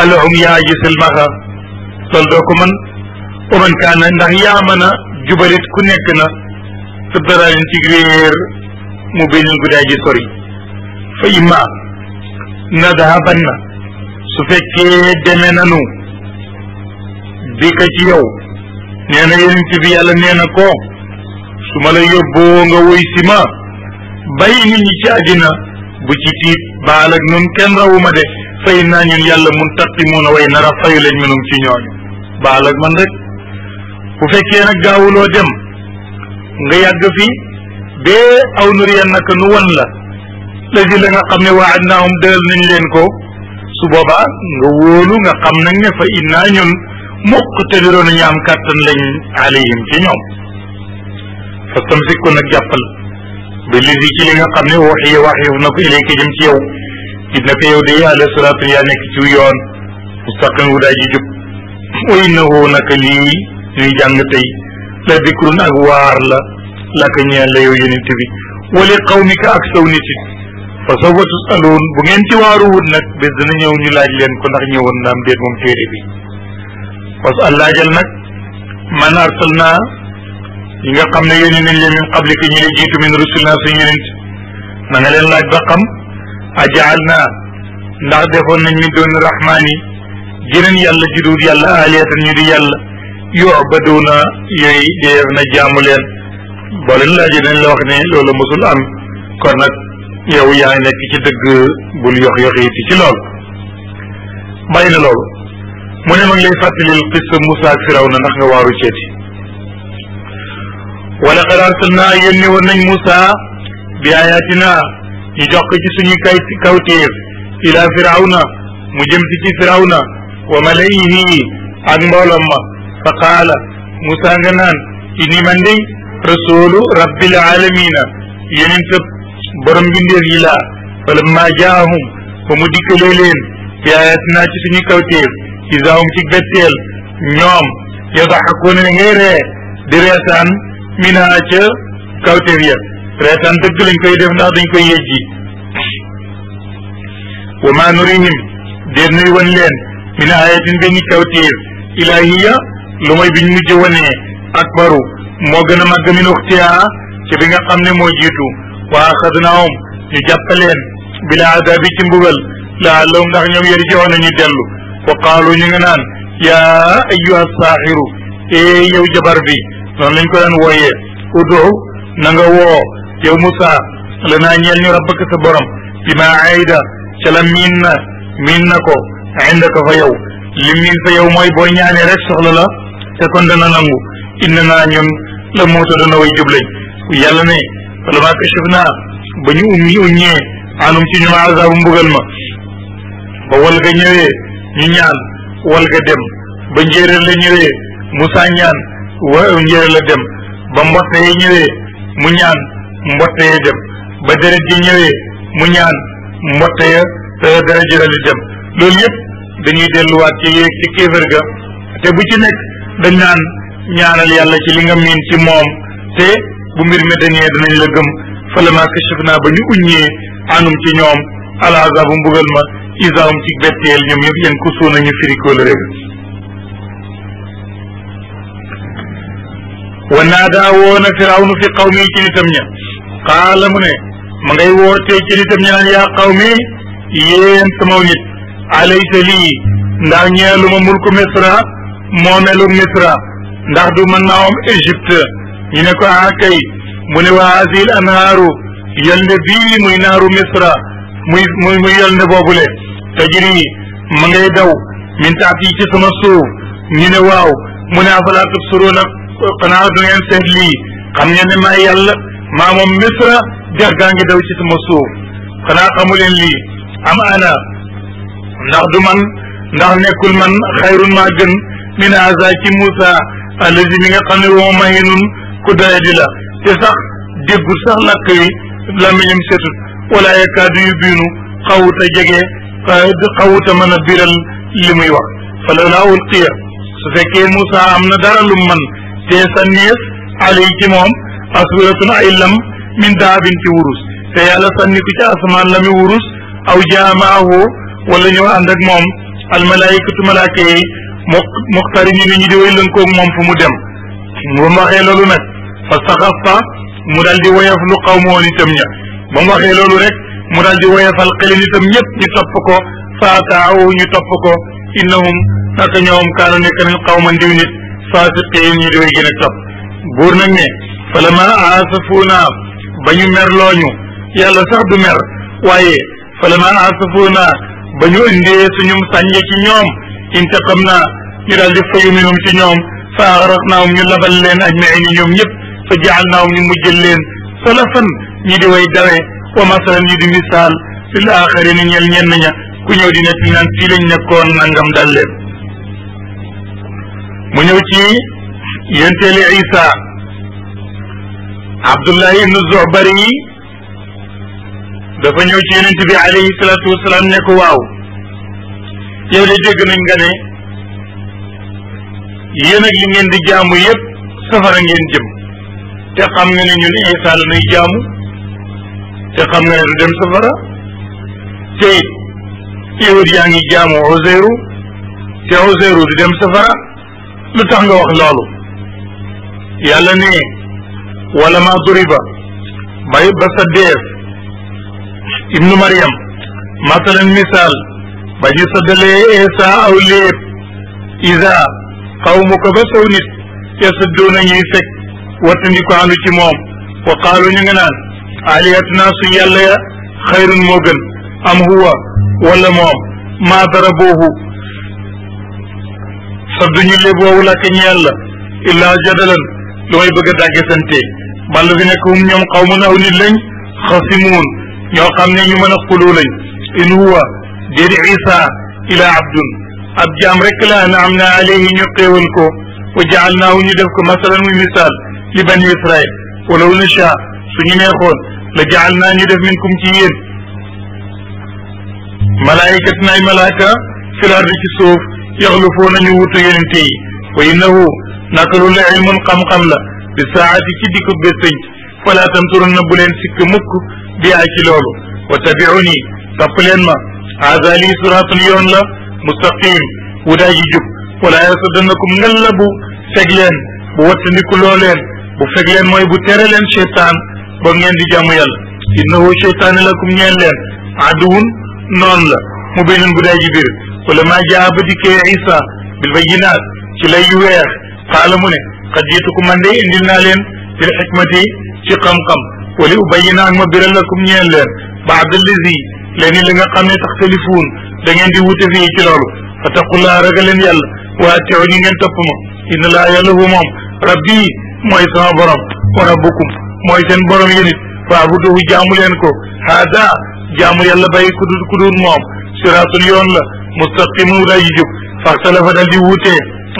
alahum yaa aji silmaxa loolu doo ko mën oman kaana ndax yaa mën a jubalit ku nekk na te daraalin ci mu beneen guddaay ji sori fa imma nadhaban na su fekkee demee nanu bika ci yow nee na yonent bi yàlla nee ko su ma la yóbboo nga woy si ma bàyyi ci àddina bu ci tiit baal ak ñun kenn rawuma de fay naa ñun yàlla mun taqimuna way nara fayu lañ minum ci ñooñu baal ak man rek bu fekkee nag gaawuloo dem nga yàgg fi bee aw nuriyannaka nu won la lësi la nga xam ne waaj naa um dëgal nañ leen ko su boobaa nga wóolu nga xam nag ne fa innaa ñun mukk tëdiroonu ñaam kàttan lañ alayhim ci ñoom fastamsikku nag jàppal bi lisi ci li nga xam ne wax yi wax yow na ko ilayka jëm ci yow gis na ko yow de ala siraatu yaa nekk ci yoon mustaqim wu daa ji jub wa innahu naka lii ñuy jàng tey la dikrun ak waar la laka ñeel la yow yonent bi wali qawmika ak saw nit it fa sawfa tusaluun bu ngeen ci waaruwut nag bés dana ñëw ñu laaj leen ko ndax ñëwoon naam déet moom téere bi wasal laajal nag man arsalna yi nga xam ne yónni nañ leen min qablika ñi la jiitu min rusulina suñu yonent na nga leen laaj ba xam ajaal naa ndax defoon nañ min doon rahmaan yi jeneen yàlla ju dul yàlla aliyatan ñu di yàlla yubaduuna yooyu deef na jaamu leen boo leen laajee dañ la wax ne loolu mosul am kon nag yow yaa ngi nekk ci dëgg bul yox yoxiiti ci lool bàyyi na loolu mu ne ma ngi lay fàttalil qissa Moussa ak Firawna ndax nga waaru ceeti wala qad arsalnaa yónni woon nañ Moussa bi ayatina ñu jox ko ci suñu kay kawtéef ila firawna mu jëm si ci firawna wa malayihi ak mbooloom ma fa qaala Moussa nga naan inni man day rasulu rabbil alamina yeneen sa borom mbindeef yi laa falamma jaahum ba mu dikkalee leen bi ayatina ci suñu kawtéef isaawum ci betteel ñoom yodaxakuuna ngay ree di reesaan mina ca kawteef ya reetaan dëgg lañ koy def ndax dañ koy yejji wa ma nurihim déet nuy wan leen min ayatin benn kawteef ilahiya lu biñ mujj wanee akbaru moo gën a màgg min waxtiyaa ci bi nga xam ne moo jiitu wa axadnaahum ñu jàppe leen bila adabi ci mbugal laallahum ndax ñoom yari joxoon nañu dellu wa qaalu ñu nga naan yaa ayyuha saaxiru ee yow jabar bi noonu lañ ko daan wooyee udu na nga woo yow Moussa la naa ñeel ñu rabbaka sa borom bi ma ayda la miin na miin na ko indaka fa yow li miin fa yow mooy booy ñaanee rek soxla la te kon dana nangu inna naa ñun la mooto dana way jublañ yàlla ne wala maa kashif naa ba ñu um uññee anum ci ñun azabu mbugal ma ba wal ga ñëwee ñu ñaan wal ga dem ba njéeréer la ñëwee Moussa ñaan wa njëre la dem ba mbotte yi ñëwee mu ñaan mbotte yi dem ba deret ji ñëwee mu ñaan mbotte ya deret ji dal di dem loolu yëpp dañuy delluwaat ci kéefër ga te bu ci nekk dañ naan ñaanal yàlla ci li nga miin ci moom te bu mbir mi dañee danañ la gëm falama kashaf naa ba ñu uññee anum ci ñoom alazabu mbugal ma isaawum ci betteel ñoom ñëpp yéen ku suuna ñu firi kóolëre wa naadaa woona firawnu fi qawmi ci nitam ña qaala mu ne ma ngay wootee ci nitam ña naan yaa qawmi yéen samaw nit alaysa lii ndax ñeeluma mulku misra moomelu misra ndax du mën naa am égypte ñu ne ko ah kay mu ne wa hasil anhaaru yolnde bii muy naaru misra muy muy muy yolnde boobule tajri ma ngay daw min taat yi ci sama suuf ñu ne waaw mu ne afalaa tubsiruuna xanaa du ngeen seet lii xam ngeen ne maay yàlla maa moom misra dex gaa ngi daw ci sama suuf xanaa xamu leen lii am ana ndax du man ndax nekkul man xayrun maa gën min asa ci Moussa allazi mi nga xam ne woo mahinun ku doye di la te sax déggul sax làkk yi lamiñam setut wala yakaadu yu biinu xawuta jege xawuta mën a biral li muy wax fa loola ulqiya su fekkee Moussa am na dara lu man te sa nees alay ci moom aswiratun ay lam min daabin ci wurus te yàlla sànni ko ci asamaan lami wurus aw jaamaahu wala ñëw ànd ak moom almalaykatu malaaka yi mu muxtari ni ñu di way lënkoog moom fu mu dem ba mu waxee loolu nag fa saxasta mu daal di woyaf lu xaw ma woon itam ña ba mu waxee loolu rek mu daal di woyafal xeli nitam ñëpp ñu topp ko faataawu ñu topp ko innahum naka ñoom kaanu nekk nañ xaw ma ndiw faasiqiin ñi dooy gën a topp buur nag ne falama aasafuuna ba ñu mer looñu yàlla sax du mer waaye falama aasafuuna ba ñu indee suñum sànje ci ñoom intaqam naa ñu daal di fayu minum ci ñoom fa axraqnaahum ñu labal leen ajmain yi ñoom ñëpp fa jaalnaahum ñu mujjal leen salafan ñi di way dawe wa masalan ñi di misaal lil aaxarina ñeel ñenn ña ku ñëw di nekk naan fii lañ nekkoon nangam dal mu ñëw ci yenteeli isa abdullahi ibnu zuhbari yi dafa ñëw ci yonent bi alayhi salaatu wasalaam ne ko waaw yow de dégg nañ nga ne yéen ak li ngeen di jaamu yépp safara ngeen jëm te xam nga ne ñun isa la jaamu te xam nga du dem safara te yahud yaa ngi jaamu Uzayru te Uzayru du dem safara lu tax nga wax loolu yàlla ne wala ma duriba ba sa deef ibnu mariam masalan misaal ba ñu saddalee eesa aw léeb isa xawmu ko ba saw nit yasudduuna ñuy fekk wattandi ko anu ci moom wa qaalu ñu nga naan aliyatunaa ya xayrun moo gën am huwa wala moom maa darabuuhu te duñu léboowu làkk ñu yàlla illaa jadalan lu may bëgg a dàgge sante balla fi nekk hum ñoom xaw mën aw nit lañ xasimuun ñoo xam ne ñu mën a xuloo lañ in huwa déedi isa ila abdun ab jaam rek la na am naa alayhi ñu xéewal ko wa jaal naahu ñu def ko masalan muy misaal li bani israil walaw nasha suñu neexoon la jaal naa ñu def minkum ci yéen malaayikat naay malaaka filardi ci suuf yaxlufoo nañu wutu yonente yi wa innahu naka lu la ilmun xam-xam la bi saati ci dikku bés pénc falaa tamturun na bu leen sikk mukk bi ay ci loolu wa tabiuni topp leen ma haza lii suraatun yoon la mustaqim wu daa ji jub walaa yasaddannakum ngal la bu feg leen bu wattandiku loo leen bu feg leen mooy bu tere leen cheytaan ba ngeen di jàmm yàlla innahu cheytaani lakum ñeen leen aduwun noonu la mu beneen bu daa ji wala maa jaa ba dikkee isa bil bayyinaat ci lay yu weex qaala mu ne qad jiitukum man de indil naa leen bil xikmati ci xam-xam wali ubayyina ak ma biral lakum ñeen leen baad allazi leeni la nga xam ne taxtalifuun da ngeen di wute fii ci loolu fa taqullaa ragal leen yàlla waa teew ñi ngeen topp ma inna laa yàlla hu moom rabbi mooy sama borom wa rabbukum mooy seen borom yéen it faabuduhu jaamu leen ko haada jaamu yàlla ku dul ku dul siraatul yoon la mustaqimu day jub faxtalafa dal di wuute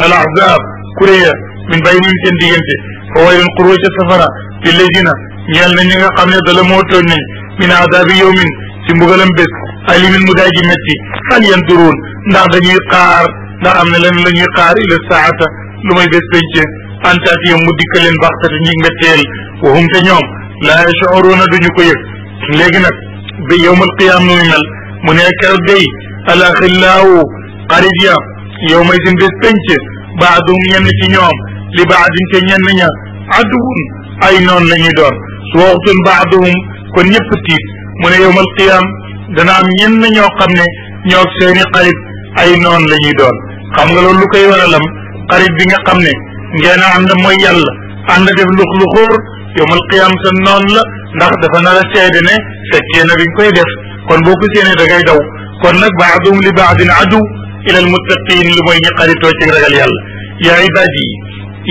al ahzaab kuréya min baynihim seen diggante fa waylun qurwa a safara bi lazina ñeel na ñi nga xam ne dala moo tooñ nañ min adaabi yowmin ci mbugalam bés alimin mu daay ji métti hal yanduruun ndax dañuy xaar ndax am na leen la ñuy xaar ila saata lu may bés pénce antaat yow mu dikka leen baxtate ñi métteel wahum te ñoom laa yashuruna duñu ko yëg léegi nag ba yowmal qiyaam nu muy mu ne keroog day alaxillaawu xarit ya yow may sin bés penc baadum ñenn ci ñoom li baadin te ñenn ña adduwun ay noon la doon su waxtun baaduhum kon ñëpp tiit mu ne yowmal qiyaam dana am ñenn ñoo xam ne ñoo seeni xarit ay noon la ñuy doon xam nga loolu lu koy waralam xarit bi nga xam ne ngeen ànd mooy yàlla ànd def lux lu xóor yowmal qiyaam sa noon la ndax dafa nar a seede ne fekkee na bi koy def kon boo ko séenee da ngay daw kon nag baaduhum li baadin adu ila almuttaqin lu mooy ñi xaritoo ci ragal yàlla yaa ibaadi yi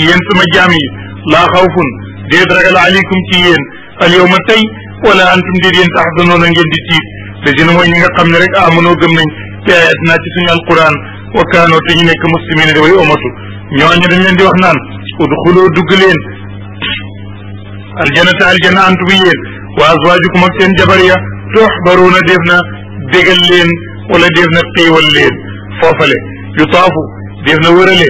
yéen sama jaam yi laa xawfun déet ragal aleykum ci yéen al yowma tey wala antum déet yéen taxzanoona ngeen di tiit te dina mooy ñi nga xam ne rek amanoo gëm nañ bi ayatina ci suñu alquran wa kaanoo te ñu nekk muslimina di way omatu ñooñu dañ leen di wax naan udxuloo dugg leen aljanata aljana antum yéen wa azwaajukum ak seen jabar ya tuxbaruuna def na dégal leen wala def na xiiwal leen foofale yu taafu def na wërale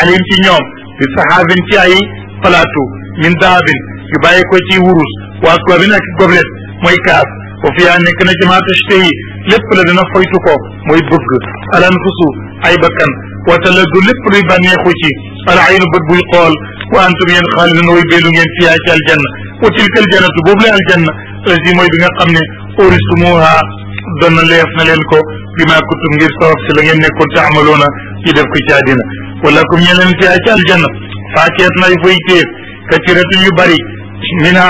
alim ci ñoom bi saxaabin ci ay plateau min daabin yu bàyyi ko ci wurus waa koobin ak goblet mooy kaas wa fiyaa nekk na jamaat ashte yi lépp la dina foytu ko mooy bëgg alanfusu ay bakkan wataladu lépp luy bànneexu ci al aynu bët buy xool wa antum yéen xaalidun way béelu ngeen fiyaa ci aljanna wa tilka aljannatu boobu la aljanna lasi mooy bi nga xam ne uristumuha donna leef na leen ko bi ma kuntum ngir sabab si la ngeen nekkoon taamaloona ci def ko ci àddina walakum ñe leen fiyaa ci aljanna faakeet nay fay téef kasiratun yu bari mina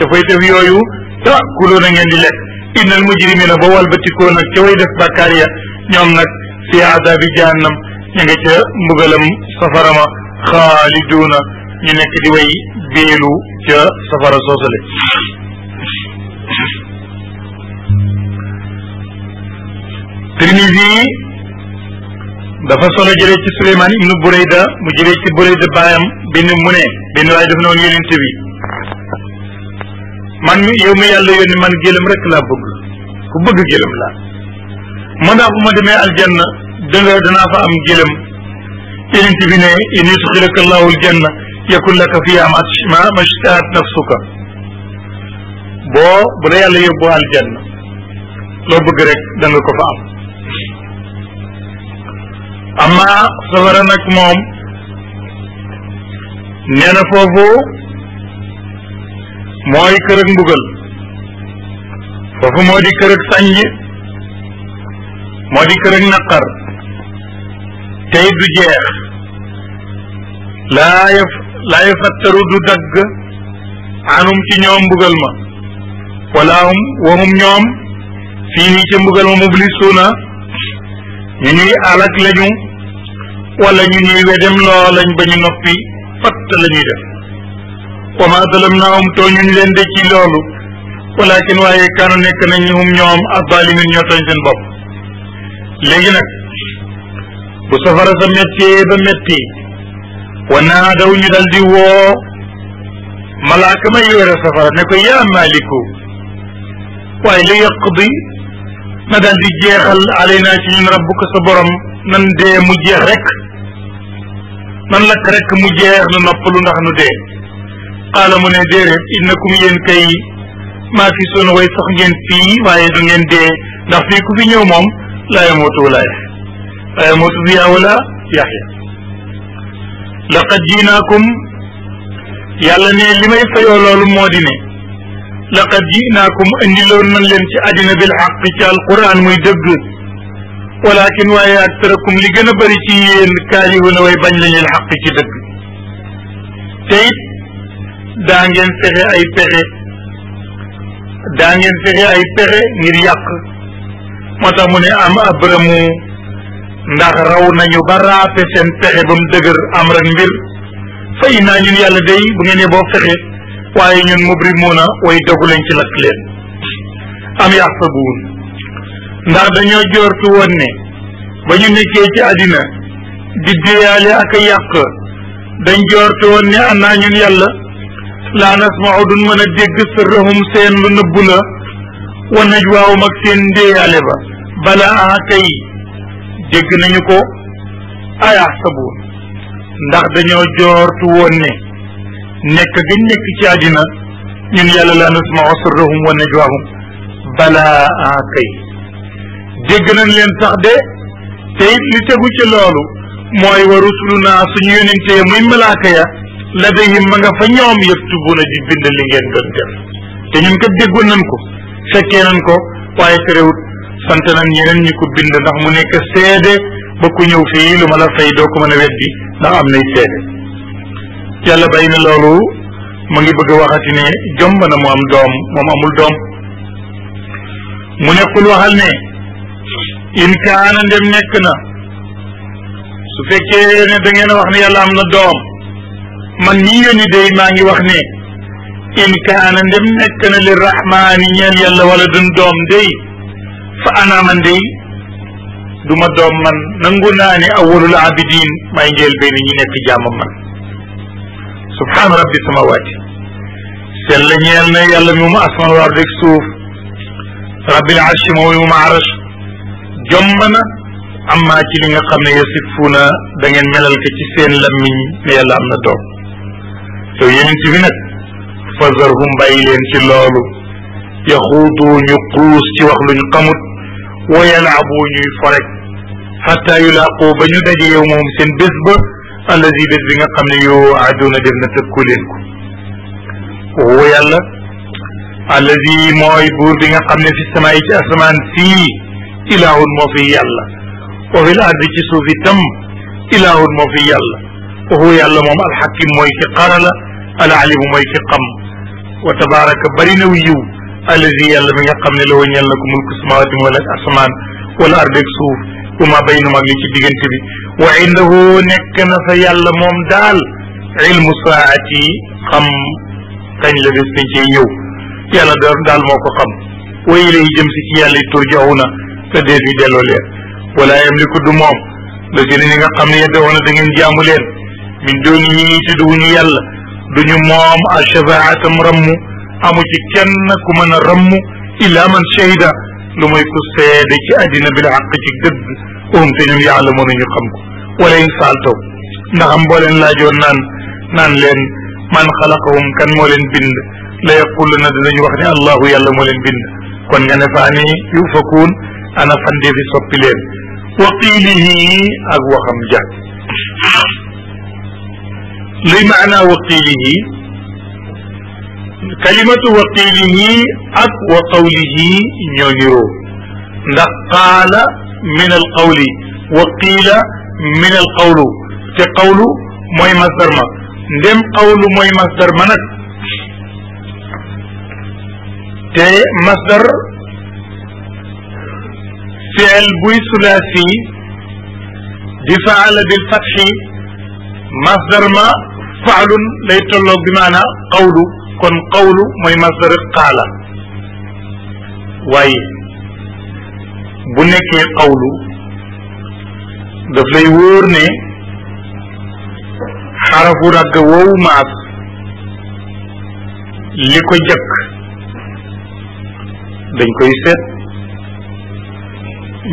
dafay def yooyu ta kuloona ngeen di lekk innal mujrimina ba walbatikoon nag ca way def bàkkaar ya ñoom nag fi adabi jahannam ñu nga ca mbugalam safarama xaaliduuna ñu nekk di way beelu ca safara soosale Tirmisi dafa solo jëlee ci Suleymaan ibnu Burayda mu jëlee ci Burayda baayam benn mu ne benn waaye def na woon yonent man mi yow mi yàlla yónni man gëlëm rek laa bëgg ku bëgg gëlëm laa moo tax bu ma demee aljanna danga danaa fa am gëlëm yonent bi ne in yudxilaka allahu aljanna yakun laka fiha ma mashtahat nafsuka boo bu la yàlla yóbboo aljanna loo bëgg rek da nga ko fa am amma safara nag moom nee na foofu mooy kër ak mbugal foofu moo di kër ak sànj moo di kër ak naqar tey du jeex laa yaf laa yafattaru du dagg anum ci ñoom mbugal ma wala hum wahum ñoom fii nii ca mbugal ma mublisuuna ñu ñuy alak lañu wala ñu ñuy wedem loo ba ñu noppi fatt la ñuy def wa ma dalamnaahum tooñuñ leen de ci loolu walakin waaye kaanu nekk nañ hum ñoom azzalimin ñoo tooñ seen bopp léegi nag bu safara sa méttee ba métti wa naadaw ñu dal di woo malaaka ma yore safara ne ko yaa maaliku waaye li yaqdi na dal di jeexal alaynaa ci ñun rabbuka sa borom nan dee mu jeex rek nan lakk rek mu jeex nu noppalu ndax nu dee qaala mu ne déedéet innakum yéen kay maa fi soon way sax ngeen fii waaye du ngeen dee ndax fii ku fi ñëw moom laa yamootu ayamuutu biha wala yaxya laqad jinaakum yàlla ne li may fayoo loolu moo di ne laqad jinaakum indiloon nañ leen ci àddina bil xaq ci alquran muy dëgg walakin waaye aktarakum li gën a bari ci yéen kaarihuuna way bañ lañ leen xaq ci dëgg te it daa ngeen fexe ay pexe daa ngeen fexe ay pexe ngir yàq moo tax mu ne am abramu ndax raw nañu ba raape seen pexe ba mu dëgër am rek mbir fay naa ñun yàlla day bu ngeen ne boo fexe waaye ñun mubrimuuna way dogu lañ ci lakk leen am yaxsabuun ndax dañoo joortu woon ne ba ñu nekkee ci àddina di diyaale ak a yàq dañ joortu woon ne am naa ñun yàlla laa nasmau duñ mën a dégg sërrahum seen lu nëbbu la wa najwaawum ak seen ndéeyaale ba bala a kay dégg nañu ko ayaxsabu ndax dañoo joortu woon ne nekk gañ nekk ci àddina ñun yàlla la nasmau sirrahum wa najwaahum balaa en dégg nañ leen sax de te it li tegu ci loolu mooy wa rusuluna suñu yónente ya muy malaaka ya ladayhim ma nga fa ñoom yaktubuna di bind li ngeen doon def te ñun kat déggoon nañ ko fekkee nañ ko waaye terewut sant nañ ñeneen ñi ko bind ndax mu nekk seede ba ku ñëw fii lu ma la fay doo ko mën a weddi ndax am na seede yàlla bàyyi na loolu mu ngi bëgg a waxati ne jomb na mu am doom moom amul doom mu nekkul waxal ne in ndem nekk na su fekkee ne da ngeen wax ne yàlla am na doom man ñii yónni day maa ngi wax ne in kaana ndem nekk na li rahmaani ñeen yàlla wala dun doom day fa ana man day du ma doom man nangu naa ne awalul abidin may njeel benn ñi nekk jaamam man subhaana rabbi samawaati sell ñeel na yàlla mi mu asmaan waar rek suuf rabbil arshi moom mi mu arash jomb amma ci li nga xam ne yasifuuna da ngeen melal ko ci seen lammiñ ne yàlla am na doom yow yeneen ci bi nag fazarhum bàyyi leen ci loolu yaxuudu ñu xuus ci wax luñ xamut wa yalaabu ñuy fo rek xata yulaaqu ba ñu daje yow moom seen bés ba allazi bés bi nga xam ne yow adduna def na tëkku leen ko wawa yàlla allazi mooy buur bi nga xam ne fi sama yi ci asamaan sii ilaahun moo fi yàlla wa fi l ardi ci suuf itam ilaahun moo fi yàlla wa huwa yàlla moom alxakim mooy ki xarala alalimu mooy ki xam wa tabaraka bari na yiw allazi yàlla mi nga xam ne la woon ñel na ko mulku samawaati wala asamaan wala ardeeg suuf wa ma baynahuma li ci diggante bi wa indahu nekk na fa yàlla moom daal ilmu saati xam kañ la des nañ cee ñëw yàlla daal moo ko xam wa ilayhi jëm si ci yàlla turjauna te dee fi delloo leen wala yamliku du moom la si ñi nga xam ne yeddoona da ngeen jaamu leen min dooni ñi ñuy tudd wuñu yàlla duñu moom ashafaaatam ramm amu ci kenn ku mën a ramm illa man shahida lu mooy ku seede ci àddina bi la xaq ci dëgg um te ñun xam ko wala in saaltaw ndax am boo leen laajoon naan naan leen man xalaqahum kan moo leen bind la yaquluna dinañu wax ne allahu yàlla moo leen bind kon nga ne faani yufakuun ana fi soppi leen wa qiilihi ak waxam ja luy maanaa wa kalimatu wa qiilihi ak wa qawlihi ñoo niroo ndax qaala min al qawli wa qiila min al qawlu te qawlu mooy masdar ma ndem qawlu mooy masdar ma nag te masdar fiil buy sulaasi di faala bil fatxi masdar ma faalun lay tolloog bi maana qawlu kon qawlu mooy masdar qaala waaye bu nekkee qawlu daf lay wóor ne xarafu ràgg woowu maas li ko jëkk dañ koy seet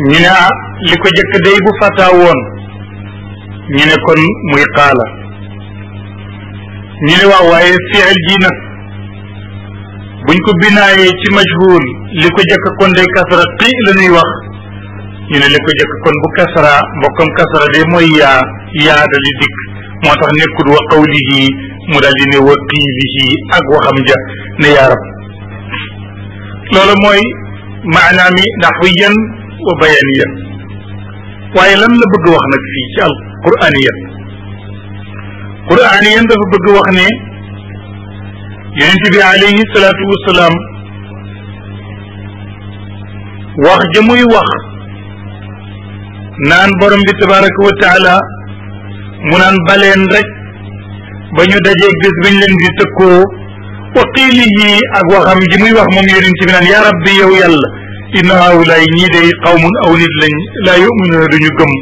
ñu ne ah li ko jëkk day bu fàttaa woon ne kon muy qaala ñu ne waaw waaye fiil ji nag buñ ko binaayee ci majhul li ko jëkk kon day kasara qi la ñuy wax ñu ne li ko jëkk kon bu kasara mbokkam kasara de mooy yaa yaa dali dikk moo tax nekkul wa qawlihi mu daal di wa qiilihi ak waxam ja ne yaa rab loolu mooy maanaam yi naxwiyan wa bayaniyan waaye lan la bëgg wax nag fii ci alquraaniyan quraaniyan dafa bëgg wax ne yonent bi alayhi salaatu wasalaam wax ja muy wax naan borom bi tabaraka wa taala mu naan baleen rek ba ñu dajee bés bañ leen di tëkkoo wa qiilihi ak waxam ji muy wax moom yonent bi naan yaa rabbi yow yàlla inna haawulaay ñii day qawmun aw nit lañ laa yuminuuna duñu gëm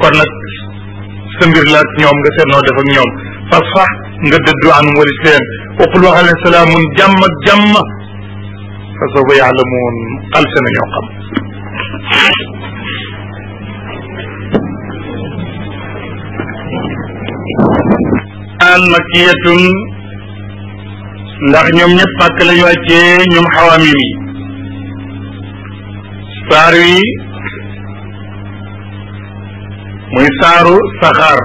kon nag sa mbir la ak ñoom nga seet noo def ak ñoom fasfax nga dëddu anum walis leen waqul waxal leen salaamun jàmm ak jàmm fa sawfa yaalamuun xalse na ñoo xam an makiyatun ndax ñoom ñëpp màkk la ñu wàccee ñoom xawaami mi saar wi muy saaru saxaar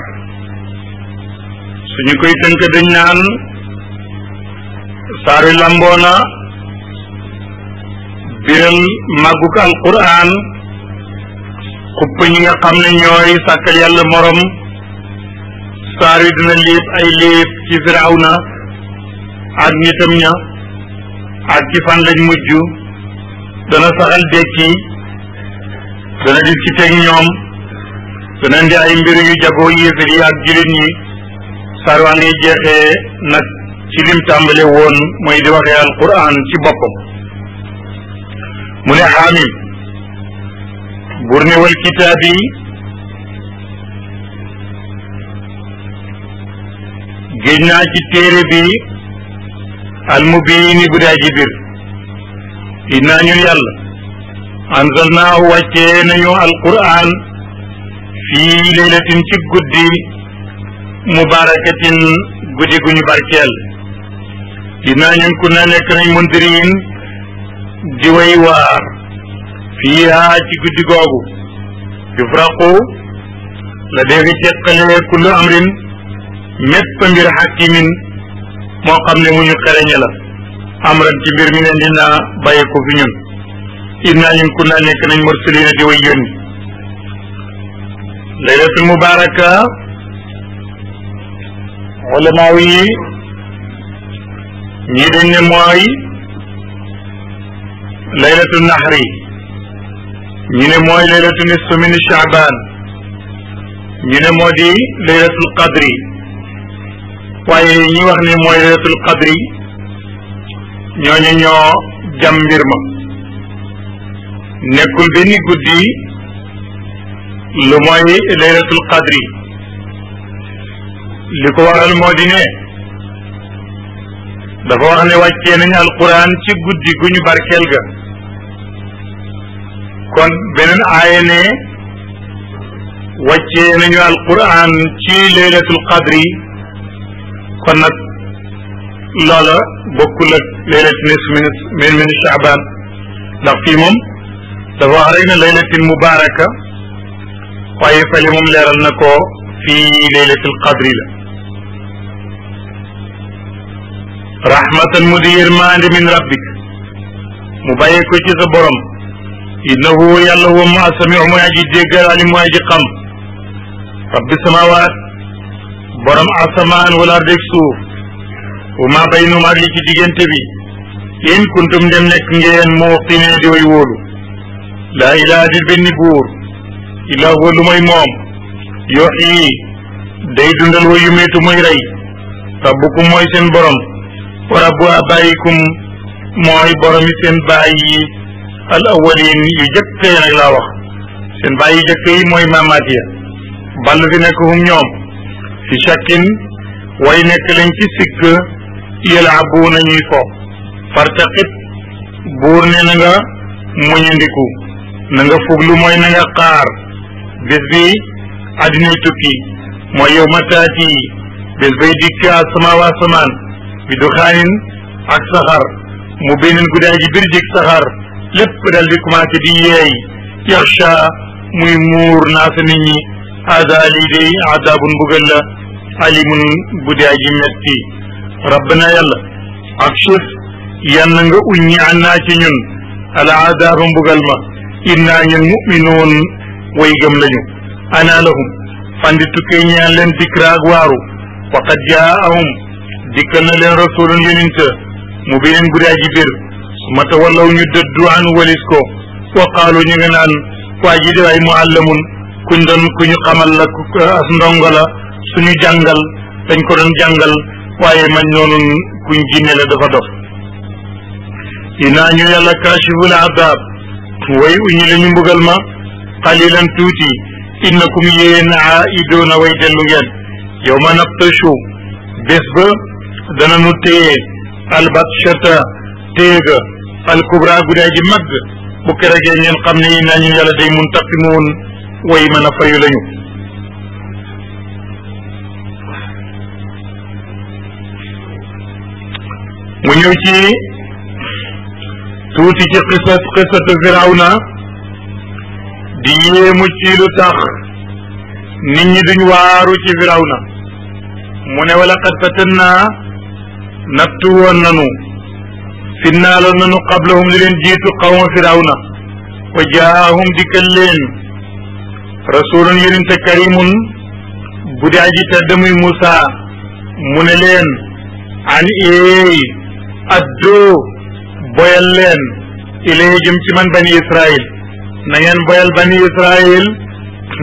suñu koy tënk dañ naan saar wi lamboona biral màgguk alquran xupp ñi nga xam ne ñooy sàkkal yàlla morom saar wi dina léeb ay léeb ci firawna ak nitam ña ak ci fan lañ mujj dana saxal dekki dana di ci teg ñoom dana ndi ay mbir yu jagoo yéefar yi ak jullit ñi saarwaa ngay jeexee nag ci lim tàmbale woon mooy di waxee alquran ci boppam mu ne xaamim bur ne wal kitaab yi géej naa ci téere bi almubiini bu daa ji bir innaa ñun yàlla anzalnaahu wàccee nañu alquran fii laylatin ci guddi mubarakatin guddi gu ñu barkeel dinaañun ku na nekk nañ mundirin di way waar fiiha ci guddi googu yufraqu la deefi teqalee kullu amrin mépp mbir xakimin moo xam ne mu ñu xereñe la amran ci mbir mi ne dina bàyyi ko fi ñun ku na nekk nañ mursalina di way yónni mubaraka wala maaw yi ñii dañ ne mooy laylatu naxri ñi ne mooy laylatu nisfu min chaabaan ñi ne moo di laylatul qadri waaye ñi wax ne mooy laylatul qadri ñooñu ñoo jam mbir ma nekkul benn guddi lu mooy laylatul qadri li ko waral moo di ne dafa wax ne wàccee nañ alquran ci guddi gu ñu barkeel ga kon beneen aaya ne wàccee nañu alquran ci leylatul qadri kon nag loola bokkul ak leylati nisfi min shaaban ndax fii moom dafa wax rek ne leylatin mubaraka waaye fële moom leeral na ko fii leylatul qadri rahmatan mu di yërmaande min rabbik mu bàyyee ko ci sa borom innahu yàlla huwa ma samiu mooy aji déggal alim mooy aji xam rabbi samawaat borom asamaan wala ardeg suuf wa ma baynuma li ci diggante bi in kuntum dem nekk ngeen muuqinee di way wóolu laa ilaha dil benn buur ilaa huwa lu mooy moom yox yi day dundal wa yumeetu muy rey rabbukum mooy seen borom wa rabbu abayikum mooy boromi seen baay yi al ya nag laa wax seen baay yu yi mooy maamaat ya ball fi nekk hum ñoom fi shakkin way nekk lañ ci sikk yalaabuuna ñuy fo fartaqib buur ne na nga muñandiku na nga fuglu mooy na nga xaar bés bi tukki mooy yow ma taati bés bay dikk asamaa wa asamaan bi du xaanin ak saxar mu beneen guddi aji birjik saxar lépp dal di commencé di yeey yaxsha muy muur naasa nit ñi aada lii day adaabun mbugal la alimun guddi aji metti rabbana yàlla ak chef yan na nga uññi annaa ci ñun ala adaaba mbugal ma innaa ñun muminoon way lañu ana lahum fandi tukkee ñaan leen dikra ak waaru waqad jaahum dikkal na leen rasulun yonent mu bineen guddaa ji biir ma tawallaw ñu dëddu an walis ko wa qaalu ñu ngi naan waa ji di ay muallamun kuñ doon ku ñu xamal la as ndongo la suñu jàngal dañ ko doon jàngal waaye mañ noonu kuñ jinne la dafa dof inaa ñu yàlla kaashiful adaab way uñu la ñu mbugal ma qalilan tuuti innakum yéen aidoona way dellu ngeen yow ma nabtashu bés ba dana nu téye albachata téega alkubra guddaay mag bu keregee ngeen xam ne yi naa ñu yàlla day mun taqimoon way mën a lañu mu ñëw ci tuuti ci xisat xisatu firawna di yéemu ci tax nit ñi duñ waaru ci firawna mu ne wala qad nattu woon nanu fitnaaloon nanu qablahum li leen jiitu xawma firawna wa jaahum dikkal leen rasulun yonente karimun bu aji tedd muy Moussa mu leen an eey addoo boyal leen ilay jëm ci man bani Israil na boyal bani Israil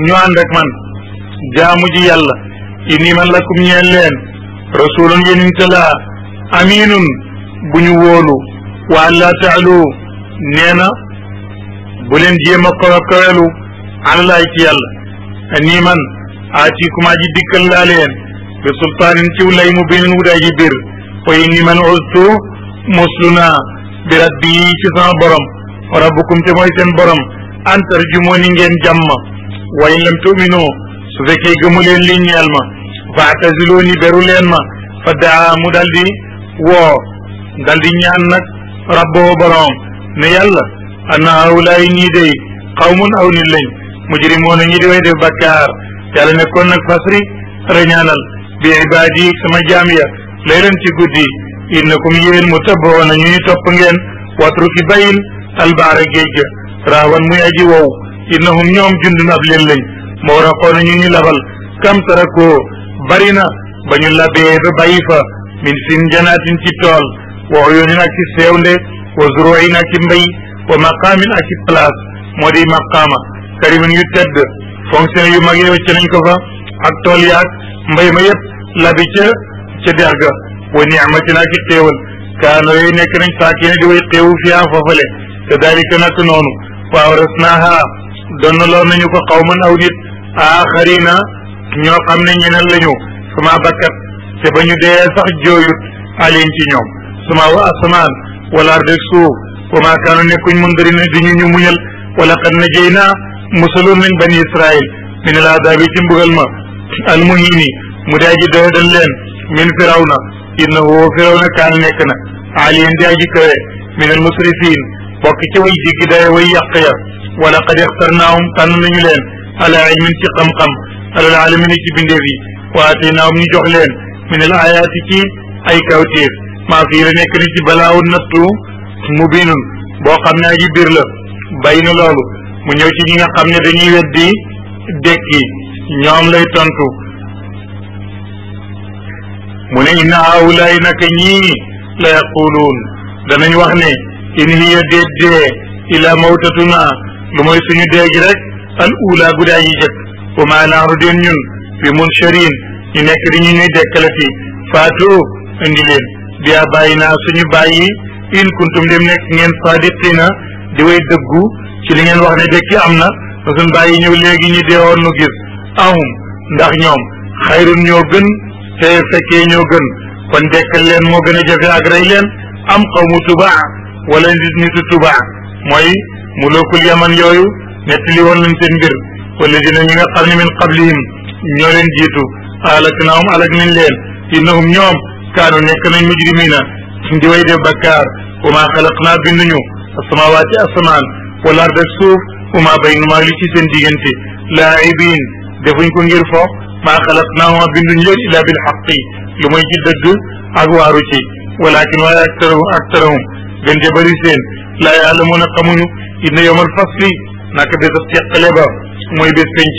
ñu ànd man jaamu ji yàlla inni man lakum ñeen leen rasulun yonente laa aminun bu ñu wóolu wa an laa taalu nee na bu leen jéem a kawe kawelu alalaay ci yàlla nii man aatikum aji dikkal laa leen bi sultaanin ciw lay mu beneen wudaay ji biir way ni man ustu muslu bi rabbi ci sama borom wa rabbukum te mooy borom antar jumoo ngeen jàmm wa in lam tuminu su fekkee gëmu leen li ñeel ma fa ataziloo beru leen ma fa daa mu daldi woo dal di ñaan nag rabboo boroom ne yàlla an ana awlaay ñii day xawmun aw nit lañ mujrimoon a ñi di way def bakkaar yàlla ne kon nag fasri reñaanal bi ibaadi yi sama jaam ya laylan ci guddi innakum yéen mu tabboona ñu ñu topp ngeen watru ki bayil albaara géej ga raawan muy aji wow innahum ñoom jundun ab leen lañ moo raxoona ñu ñu labal kam tarakoo bari na ba ñu labee ba fa min sin janaatin ci tool wa uyunin ak ci seewnde wa zuruin ak ci mbay wa maqaamin ak ci place moo di maqaama karimin yu tedd fonctionnaire yu mag yow ci nañ ko fa ak tool yaag mbay ma yëpp labi ca ca dex ga wa niamatin ak ci xéewal kaano yooyu nekk nañ saakine di way xéewu fiyaa foofale te dalika nag noonu waaw res naaha donn loon nañu ko xawman aw nit axarina a xam ne ñeneen lañu sama bakkat te ba ñu dee sax jooyut alim ci ñoom sama wa asamaan wala ardeg suuf wa maa kaanu nekkuñ mundarina di ñu ñu muñal wala qad najaynaa musaloon nañ bani israil min al adaabi ci mbugal ma almuhini mu daa ji doye dal leen min firawna innahu firawna kaan nekk na aliyan daa ji kawe min al musrifin bokk ci way jiggi daye way yàq ya wala qad ixtarnaahum tànn nañu leen ala ilmin ci xam-xam alal alamina ci bindeef yi wa ataynaahum ñu jox leen min al ci ay kawtéef maa fii la nekk ni ci balaawun nattu mubinun boo xam ne aji biir la na loolu mu ñëw ci ñi nga xam ne dañuy weddi dekki ñoom lay tontu mu ne inna haawulaay naka ñii la yaquluun danañ wax ne in hiya déet dee ila mawtatuna lu mooy suñu dee rek al ula gu daa yi naaru deen ñun bi munshariin ñu nekk di ñu ñuy dekkalati faatu indi leen biyaa bàyyi naa suñu bàyyi in kuntum dem nekk ngeen sadiqina di way dëggu ci li ngeen wax ne dekki am na te suñu bàyyi ñëw léegi ñu deewoon nu gis ahum ndax ñoom xayrun ñoo gën te fekkee ñoo gën kon dekkal leen moo gën a jafe ak rey leen am xawmu tubaa wala nitu tubaa mooy mu lookul yaman yooyu nettali woon nañ seen mbir wala dina ñi nga xam ne min qablihim ñoo leen jiitu alaknaahum alak nañ leen innahum ñoom kaanu nekk nañ mujrimina di way def bakkaar wa maa xalaqnaa binduñu asamawaati asamaan wala arda suuf wa maa baynumaa li ci seen diggante laa'ibiin defuñ ko ngir fo maa xalaqnaahum binduñu leen illaa bil xaqi lu mooy ci dëgg ak waaru ci walakin waaye aktarahum aktarahum gën ja bëri seen laa yaalamuuna xamuñu inna yowmal fasli naka bésab teqale ba mooy bés pénc